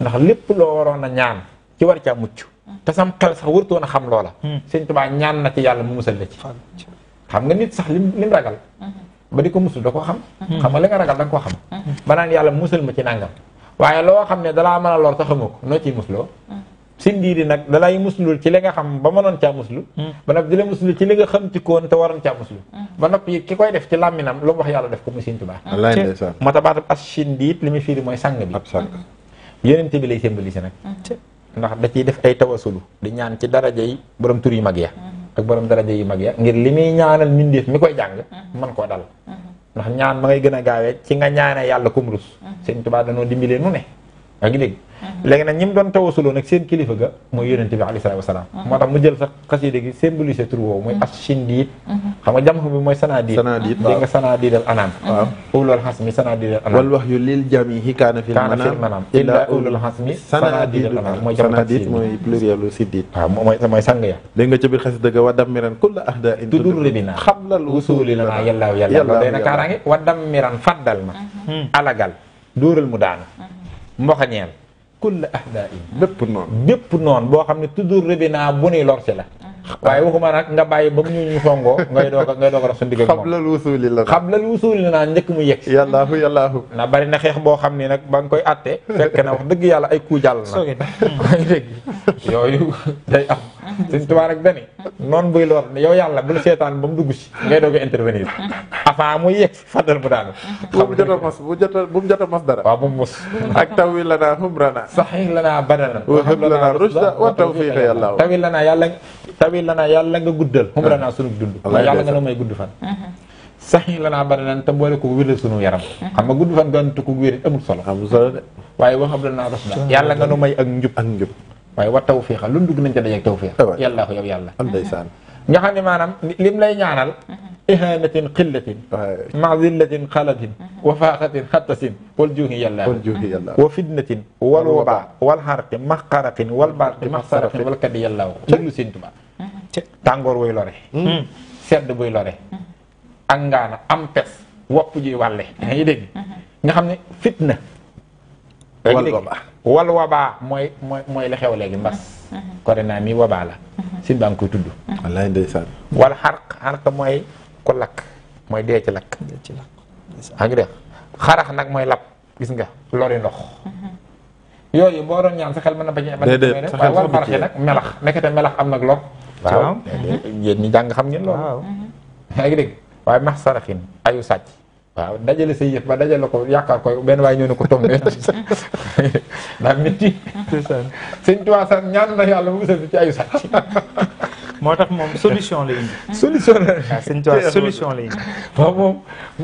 ndax lépp loo waroon a ñaan ci war caa mucc te sam xel sax wërtoon a xam loola hmm. sëñ Tuubaa ñaan na ci yàlla mu musal la ci xam nga nit sax lim lim ragal hmm. ba di ko musul da koo xam hmm. xam nga li nga ragal da nga koo xam ba naan yàlla musal ma ci nàngam waaye loo xam ne dalaa mën a lor te xamoo ko noo ciy musloo sindiiri nag dalay muslul ci li nga xam ba mënoon caa ba noppi di la muslul ci li nga xam ci te waroon caa muslu ba noppi ki koy def ci làmminam lu mu wax yàlla def ko mu Sëñ Tuubaa moo tax baatab mooy sang yonent bi lay symboliser nag. Mhm. ndax da ciy def ay tawasulu di ñaan ci daraja yi borom tur yu mag ya mhm. ak borom daraja yu mag ya ngir li muy ñaanal mbindeef mi koy jàng. Mhm. man koo dal. ndax ñaan ma ngay gën a gaawee ci nga ñaanee yàlla kum rus. sëñ Tuubaa danoo dimbilee nu ne. yaa deg mhm. legi nak ñim doon tawasuloon nak seen kilifa ga ya moy yonente bi alayhi salatu wasalam motax mhm. mu jël sax qasida gi symboliser tur woowu mooy mhm. as-sindiid xam nga jamxu bi moy sanaadiid sanaadiid dégg nga sanaadiid al anaam waaw ulul hasmi sanaadiid al anaam wal wahyu lil jami'i kana fil manam ila ulul hasmi sanaadiid al anaam mooy sanaadiid mooy pluriel sidid siddiid ah, moy moy sang ya de nga ci biir xasida ga wa dammiran kulla ahda in tudurri bina xablal wusuli lana yallaaw yallaaw de na karangi wa dammiran ma alagal dóoral mudana mboxañeel kulla ahdain bépp noon bépp noon boo xam ne toujours rébinaa bu nuy lor si la waaye waxuma nag nga bàyyi ba mu ñu ñu songoo ngay doog a ngay doog a dox sa digg ak moom xablal wusuuli naa njëkk mu yegg si yàllaahu yàllaahu na bari na xeex boo xam ni nag ba nga koy atte fekk na wax dëgg yàlla ay ku jàll na soo ngi dégg yooyu day am sëñ Tuubaa nag dani noonu buy lor yow yàlla bul seetaan ba mu dugg si ngay doog a intervenir avant muy fadal mu daanu bu mu jot a mos bu jot a bu mu jot a mos dara waaw bu mu mos ak tawil lanaa humranaa saxix lanaa badanaa wa yàlla tawil lanaa yàlla tawil lanaa yàlla nga guddal humranaa ah. sunu dund yàlla nga la may gudd fan mhm. saxi lanaa badanan te boole ko wéral sunu yaram mhm. xam nga gudd fan doon tukku wér amul solo amul waaye wa hab yàlla nga nu may ak njub ak njub waye wa tawfiixa lu dug nañ ca dajeeg tawfiq yalla ko yow yàlla am ndeysaan nga xamni manam lim lay ñaanal ihanatin qillatin mazillatin xalatin wa faqatin khatasin wal juhi yàlla wal juhi yàlla wa fitnatin wal waba wal harqi maxxaraqin wal barqi maxsaraqin wal kaddi yàlla ko sintuma tangor way lore sedd buy lore angana am pes wopp juy wàlle yaa ngi dégg nga xamni fitna wal wabaa mooy mooy mooy la xew léegi mbas corona mi wabaa la sin baa ngi koy tudd wallaay ndeysaan wal mooy ku lakk mooy dee ci lakk dee nag mooy lab gis nga lori ndox yooyu boo doon ñaan sa xel ma na bañ a waaye wal xarax yi nag melax nekkete melax am nag lor waaw yéen jàng xam ngeen loolu yaa dégg waaye max saraxin ayu sàcc waaw dajale say yëf ba dajale ko yaakaar koy benn waaye ñëw ne ko toog ne daa métti sëñ Tuubaa sax ñaan na yàlla mu musal ci ayu sàcc moo tax moom solution la indi solution la sëñ Tuubaa solution la indi moom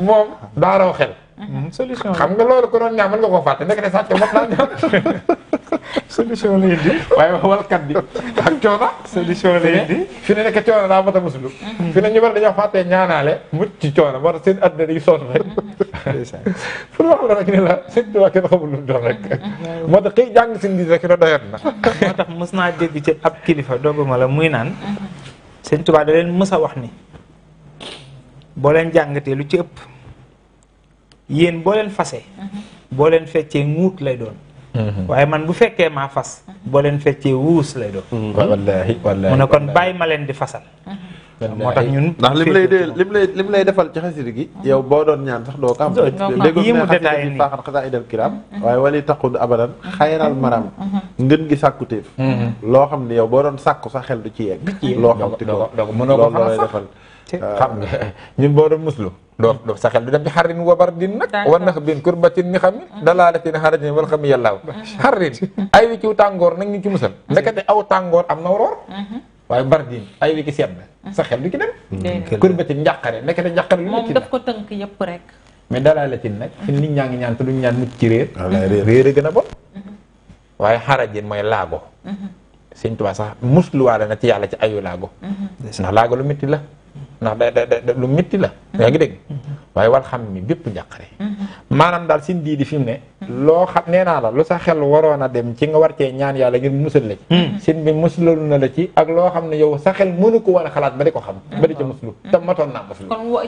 moom daa raw xel Mm-hmm. Mm-hmm. solution xam nga loolu ko doon ñaamal nga ko fàtte ndekete sàcc mot naa ñaam solution la indi waaye walkat bi ak coono solution la indi fi ne nekk coono daa mata musulu fi ne ñu bari dañoo fàttee ñaanaale mucc ci coono moo tax seen adduna day sonn rek pour wax la rek ne la sëñ Tuubaa kenn xamul lu doon rek moo tax xëy jàng sin gis rek na doyat na moo tax mos ci ab kilifa dogguma la muy naan sëñ Tuubaa da leen mës wax ni boo leen jàngatee lu ci ëpp yéen boo leen fase boo leen feccee nguut lay doon mhm. waaye man bu fekkee maa fas boo leen feccee wuus lay doon mhm. wallaahi wallaahi mu ne kon bàyyi ma leen di fasal moo tax ñun ndax lim lay dee lim lay defal ci xasida gi mhm. yow boo doon ñaan sax doo ko am dégg mu détaillé nii faaxan xasaa idal kiram waaye wali taqud abadan xayral maram ngën gi sàkkuteef loo xam ne yow boo doon sàkku sa xel du ci yegg loo xam ti ko loo lay defal Ah. xam nga ñun boo doon muslu doo doo sa xel du dem ci xarin wa bardin nag wa nax bin kurbatin ni xamin ah. dalaalatin xarajin wal xami yàllaaw ah. xarin ay wi ciw tàngoor nag ñu ci musal ndekete aw tàngoor am na roor waaye bardin ay wi ci sedd sa xel du ci dem kurbatin njàqare ndekete njàqare lu moom daf ko tënk yëpp rek mais dalaalatin nag fi nit ñaa ngi ñaan te duñ ñaan mucc ci réer réer a gën a bon mm-hmm. waaye xarajin mooy laago mm-hmm. sëñ Tuubaa sax musluwaale na ci yàlla ci ayu laago mm-hmm. ndax laago lu métti la ndax da da lu métti la. Mm-hmm. yaa ngi dégg mm-hmm. waaye war xam ni bépp njàqare. Mm-hmm. maanaam daal sin dii di fi mu ne. loo xam nee naa la lu sa xel waroon a dem ci nga war cee ñaan yàlla ngir musal la ci. sin bi ak loo xam ne yow sa xel mënu ko war a xalaat ba di ko xam. ba di ci muslu te matoon naa muslu. kon wo kon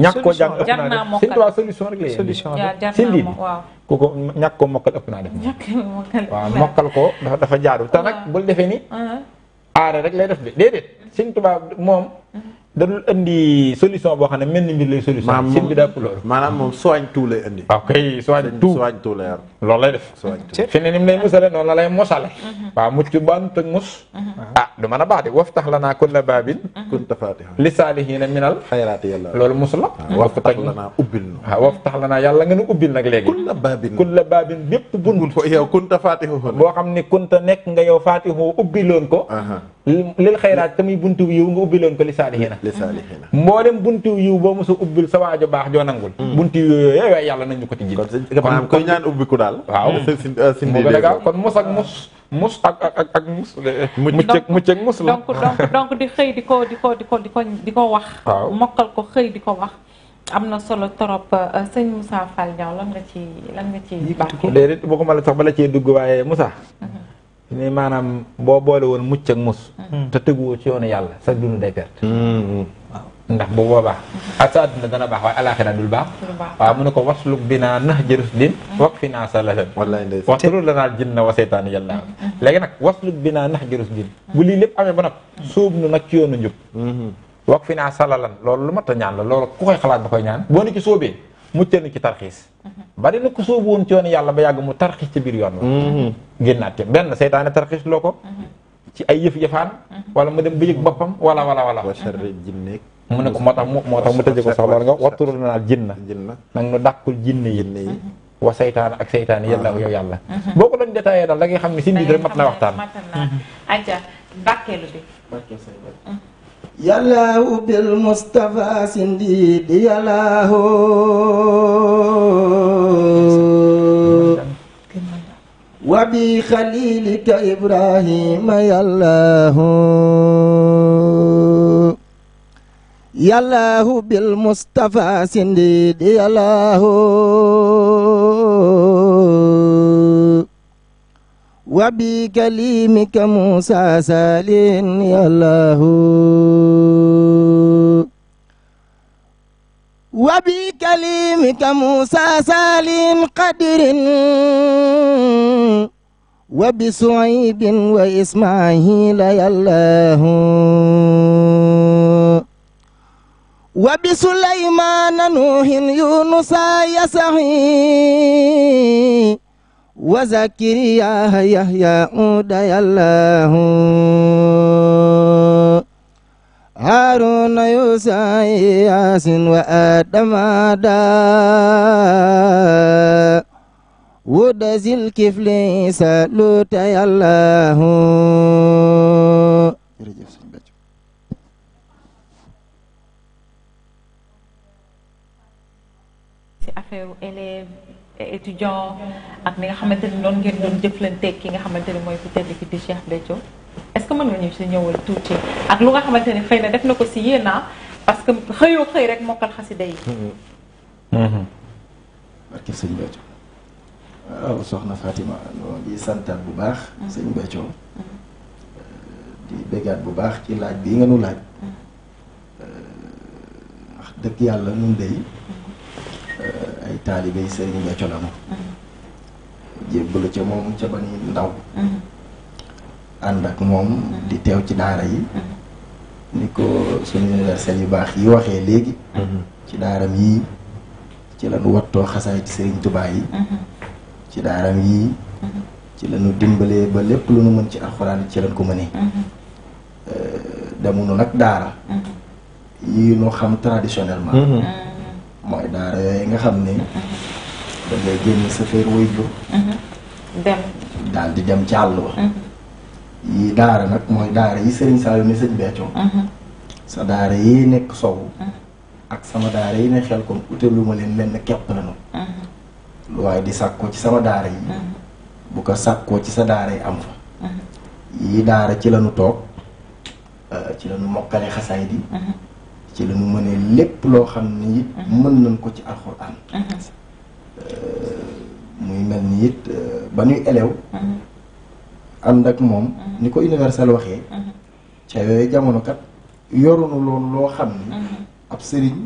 ñàkk koo jàng ëpp naa def sin waa solution rek la solution rek sin dii ku ko ñàkk mokkal waaw mokkal ko dafa dafa jaadu te nag ah. bul defee ni. Ah. aare rek lay def de déedéet sëñ Tuubaa moom. da dul indi solution boo xam ne mel ni mbir lay solution. sëñ bi daa ko loolu. maanaam moom soigne tout lay indi. waaw kay soigne tout soigne tout lay am. loolu lay def. soigne tout fi ne ni lay musale noonu la lay mosale. waaw mhm. mucc baanut ak mus. Mhm. ah du mën a baax de waftax lanaa kulla baabin. Mhm. kunta faatiha li saalihiina minal. xayraati yàlla loolu mus la. Ah, naa lanaa ubbil nu. waaw ah, waftax lanaa yàlla nga nu ubbil nag léegi. kulla baabin kulla baabin bépp boo xam ne kunta nekk nga yaw yow ubbi ubbiloon ko. lil xayraat te muy buntu yiw nga ubbi loon ko li saalihiina mboolem buntu yiw boo mos a ubbil sa waajo baax joo nangul hmm. buntu yiw yooyu yooyu yàlla nañu ko ci ji maanaam koy ñaan ubbi ko daal waaw moo a gaaw kon mos ak mos mus ak ak ak ak mus mucc ak mucc ak mus la donc donc di xëy di ko di ko di ko di di ko wax mokkal ko xëy di ko wax am na solo trop euh, sëñ Moussa Fall Diaw lan nga ci lan nga ci baax boo ko ma la sax bala cee dugg waaye Moussa mhm. ni maanaam boo boole woon mucc ak mus hmm. Hmm. te tëguwoo ci yoonu yàlla sa dund day perte hmm, ndax bu boobaa ak sa àdduna dana baax waaye alaaxira dul baax waaw mu ne ko wasluk binaa nax jërus din wak fi naa sa lalan waxturu lanaal jinna wa seytaan yàlla léegi nag wasluk binaa nax jërus din bu lii lépp amee ba nag sóob nu nag ci yoonu njub wax fi naa sa lalan loolu lu mat a ñaan la loolu ku koy xalaat ba koy ñaan boo ni ci sóobee muccee nu ci tarxiis mhm. bari na ku sóobu woon ci yoon yàlla ba yàgg mu tarxiis ci biir yoon wa mhm. génnaat ci benn seytaane tarxiis loo ko mhm. ci ay yëf-yëfaan wala mu dem ba yëg boppam wala wala wala mu ne ko moo tax mu moo tax mu tëjee ko sax loolu nga wattur naa jinna nag nu dàqul jinne yi wa saytaan ak saytaan yàlla ah. yow yàlla boo ko doon détaillé daal da ngay xam ne si mbir rek mat na waxtaan يلاه بالمصطفى سنديد يلاه وبخليلك إبراهيم يلاه يلاه بالمصطفى سنديد يلاه وبكليمك موسى سالين يا الله وبكليمك موسى سالين قدر وبسعيد وإسماعيل يا الله وبسليمان نوح يونس يسعي وزكريا يحيى أودي الله هارون يوسى ياسين وآدم آدم ودزل كفلي سالوت يا الله affaire élève étudiant ak ni nga xamante ni noonu ngeen doon jëflanteeg ki nga xamante ni mooy ku tedd ki di Cheikh Béthio est-ce que mën nga ñu si ñëwal tuuti ak lu nga xamante ni xëy na def na ko si yéen ah, parce que xëyoo xëy rek mokkal xasida yi. Mhm. barke sëñ Béthio waaw soxna Fatima ñoo ngi santaat bu baax. Mhm. sëñ Béthio mhm. di bégaat bu baax ci laaj bi nga nu laaj. Euh, wax dëgg yàlla nun dey Eh, ay taalibe sëriñ Béthio lanu mm-hmm. jébbalu ca moom ca ba ni ndaw mm-hmm. ànd ak moom mm-hmm. di teew ci daara yi ni ko suñu universel yu baax yi waxee léegi ci daaram yii ci lañu wattoo xasaay ci sëriñ Tuubaa yi ci daaram yii ci lañu dimbalee ba lépp lu nu mën ci alxuraan ci lañ ko mënee eh, demunu nag daara yi nu xam traditionnellement mooy daara yooyu nga xam ni da génn sa fër wëyju mhm. dem daal di dem ci àll ba mhm. daara nag mooy daara yi sëriñ Saliou ni sëñ Béthio mhm. sa daara yi nekk sow ak sama daara yi ne xel kon utelu ma leen lenn képp la lu waaye di sàkkoo ci sama daara yi bu ko sàkkoo ci sa daara yi am fa yi daara ci lañu toog euh, ci lañu mokkale xasaay di ci la ñu lepp lo xamni xam mën nañ ko ci alquran euh, muy mel ni it euh, ba ñuy élève ànd ak moom ni ko universel jamono kat yorunu loolu lo xamni ni ab sëriñ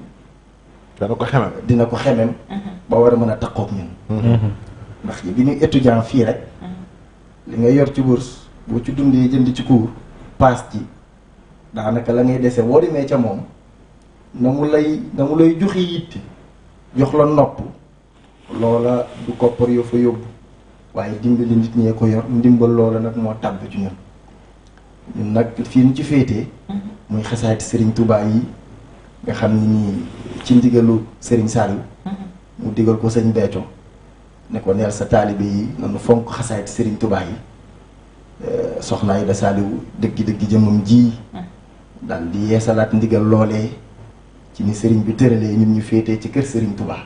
dina ko xemem dina ko xemem ba wara mëna takko ñun mhm. ndax bi ñuy étudiant fi rek li nga yor ci bourse boo ci dundé jënd ci cours paas ci naka la ngay déssé ca mom na mu lay na mu lay joxe yitte jox la nopp loola du koppar yoo fa yóbbu waaye dimbali nit ñee ko yor ndimbal loola nag moo tàbb ci ñun ñun nag fii ñu ci féete mm-hmm. muy xasaati sëriñ Touba yi nga xam ni ci ndigalu sëriñ Saliou mm-hmm. mu digal ko sëñ Béthio ne ko neel sa taalibe yi nanu fonk xasaayit Serigne Touba yi eh, soxna Aïda Saliou dëgg dëgg jëmmam ji mm-hmm. daal di yeesalaat ndigal loolee ci ni sëriñ bi tëralee ñun ñu féetee ci kër sëriñ Touba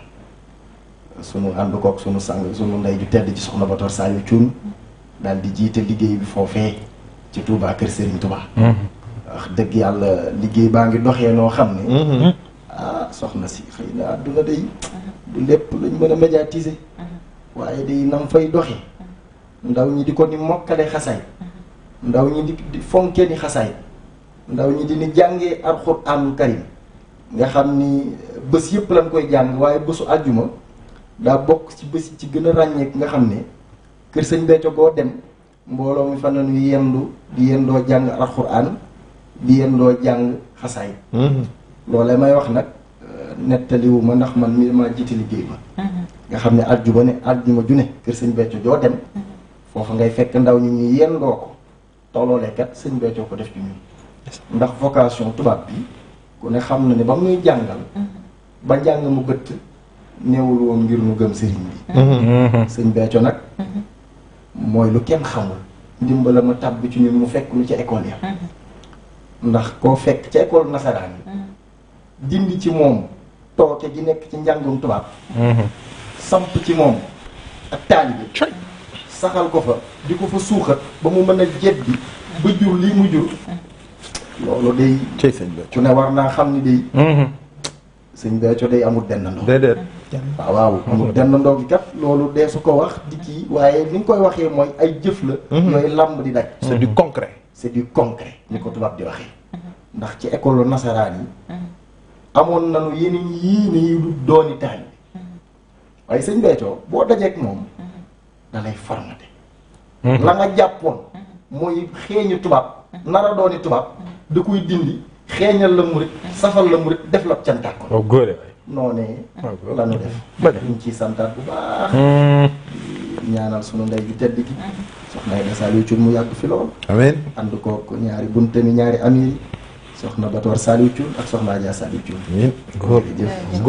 sunu ànd kook sunu sang sunu ndey ju tedd ci soxna Bator Saliou Thioune daal di jiite liggéey bi foofee ci Touba kër sëriñ Touba. wax dëgg yàlla liggéey baa ngi doxee noo xam ne. Mhm. ah soxna si xëy na àdduna day du lépp luñ mën a médiatiser. waaye day nam fay doxee. ndaw ñi di ko ni mokkale xasaay. ndaw ñi di di fonke ni xasaay. ndaw ñi di ni jàngee alxuraan karim nga xam ni bés yëpp lañ koy jàng waaye bësu àjjuma daa bokk ci bés ci gën a ràññeek nga xam ne kër sëñ Béthio boo dem mbooloo mu mi fan la ñuy yendu di yendoo jàng alxuraan di yendoo jàng xasaay mm-hmm. loolee may wax nag euh, nettaliwu ma ndax man mi ma jiite liggéey ba mm-hmm. nga xam ne àjjuma ne àjjuma ju ne kër sëñ Béthio joo dem mm-hmm. foofa ngay fekk ndaw ñu ñuy yendoo ko tolloolee kat sëñ Béthio ko def ci ñun ndax vocation tubaab bi ku ne xam na ne ba muy jàngal mhm. ba njàng mu bëtt néewul woon ngir mu gëm sëriñ bi mhm. mhm. sëñ Béthio nag mooy lu kenn xamul ndimbala ma tàbb ci ñun mu fekk lu ci école ya ndax koo fekk ci école nasaraan yi dindi ci moom tooke gi nekk ci njàngum tubaab samp ci moom ak taalibe saxal ko fa di ko fa suuxat ba mu mën a jeddi ba jur lii mu jur loolu day. cey sëñ Béthio ku xam ni day. Mm-hmm. sëñ Béthio day amul dendandoo. waaw amul dendandoo gi kat loolu dee su ko wax di kii waaye ni nga koy waxee mooy ay jëf la. Mm-hmm. yooyu làmb di daj. c'est du concret. Mm-hmm. c'est du concret ni ko tubaab di waxee. ndax ci école nasaraan yi. amoon nañu yeneen yii ni dooni taal bi waaye sëñ Béthio boo dajeek moom da lay formaté la nga jàppoon mooy xeeñu tubaab nara dooni tubaab da koy dindi xeeñal la murit safal la murit def la cantaat ko. Oh, góore noonee oh, la ñu def ñu ciy santaat bu baax hmm. ñaanal sunu ndey ju tedd gi soxna Aida Saliou Thioune mu yàgg fi lool amiin ànd kook ñaari buntami ñaari am yi soxna Batoor Saliou Thioune ak soxna Adja Saliou Thioune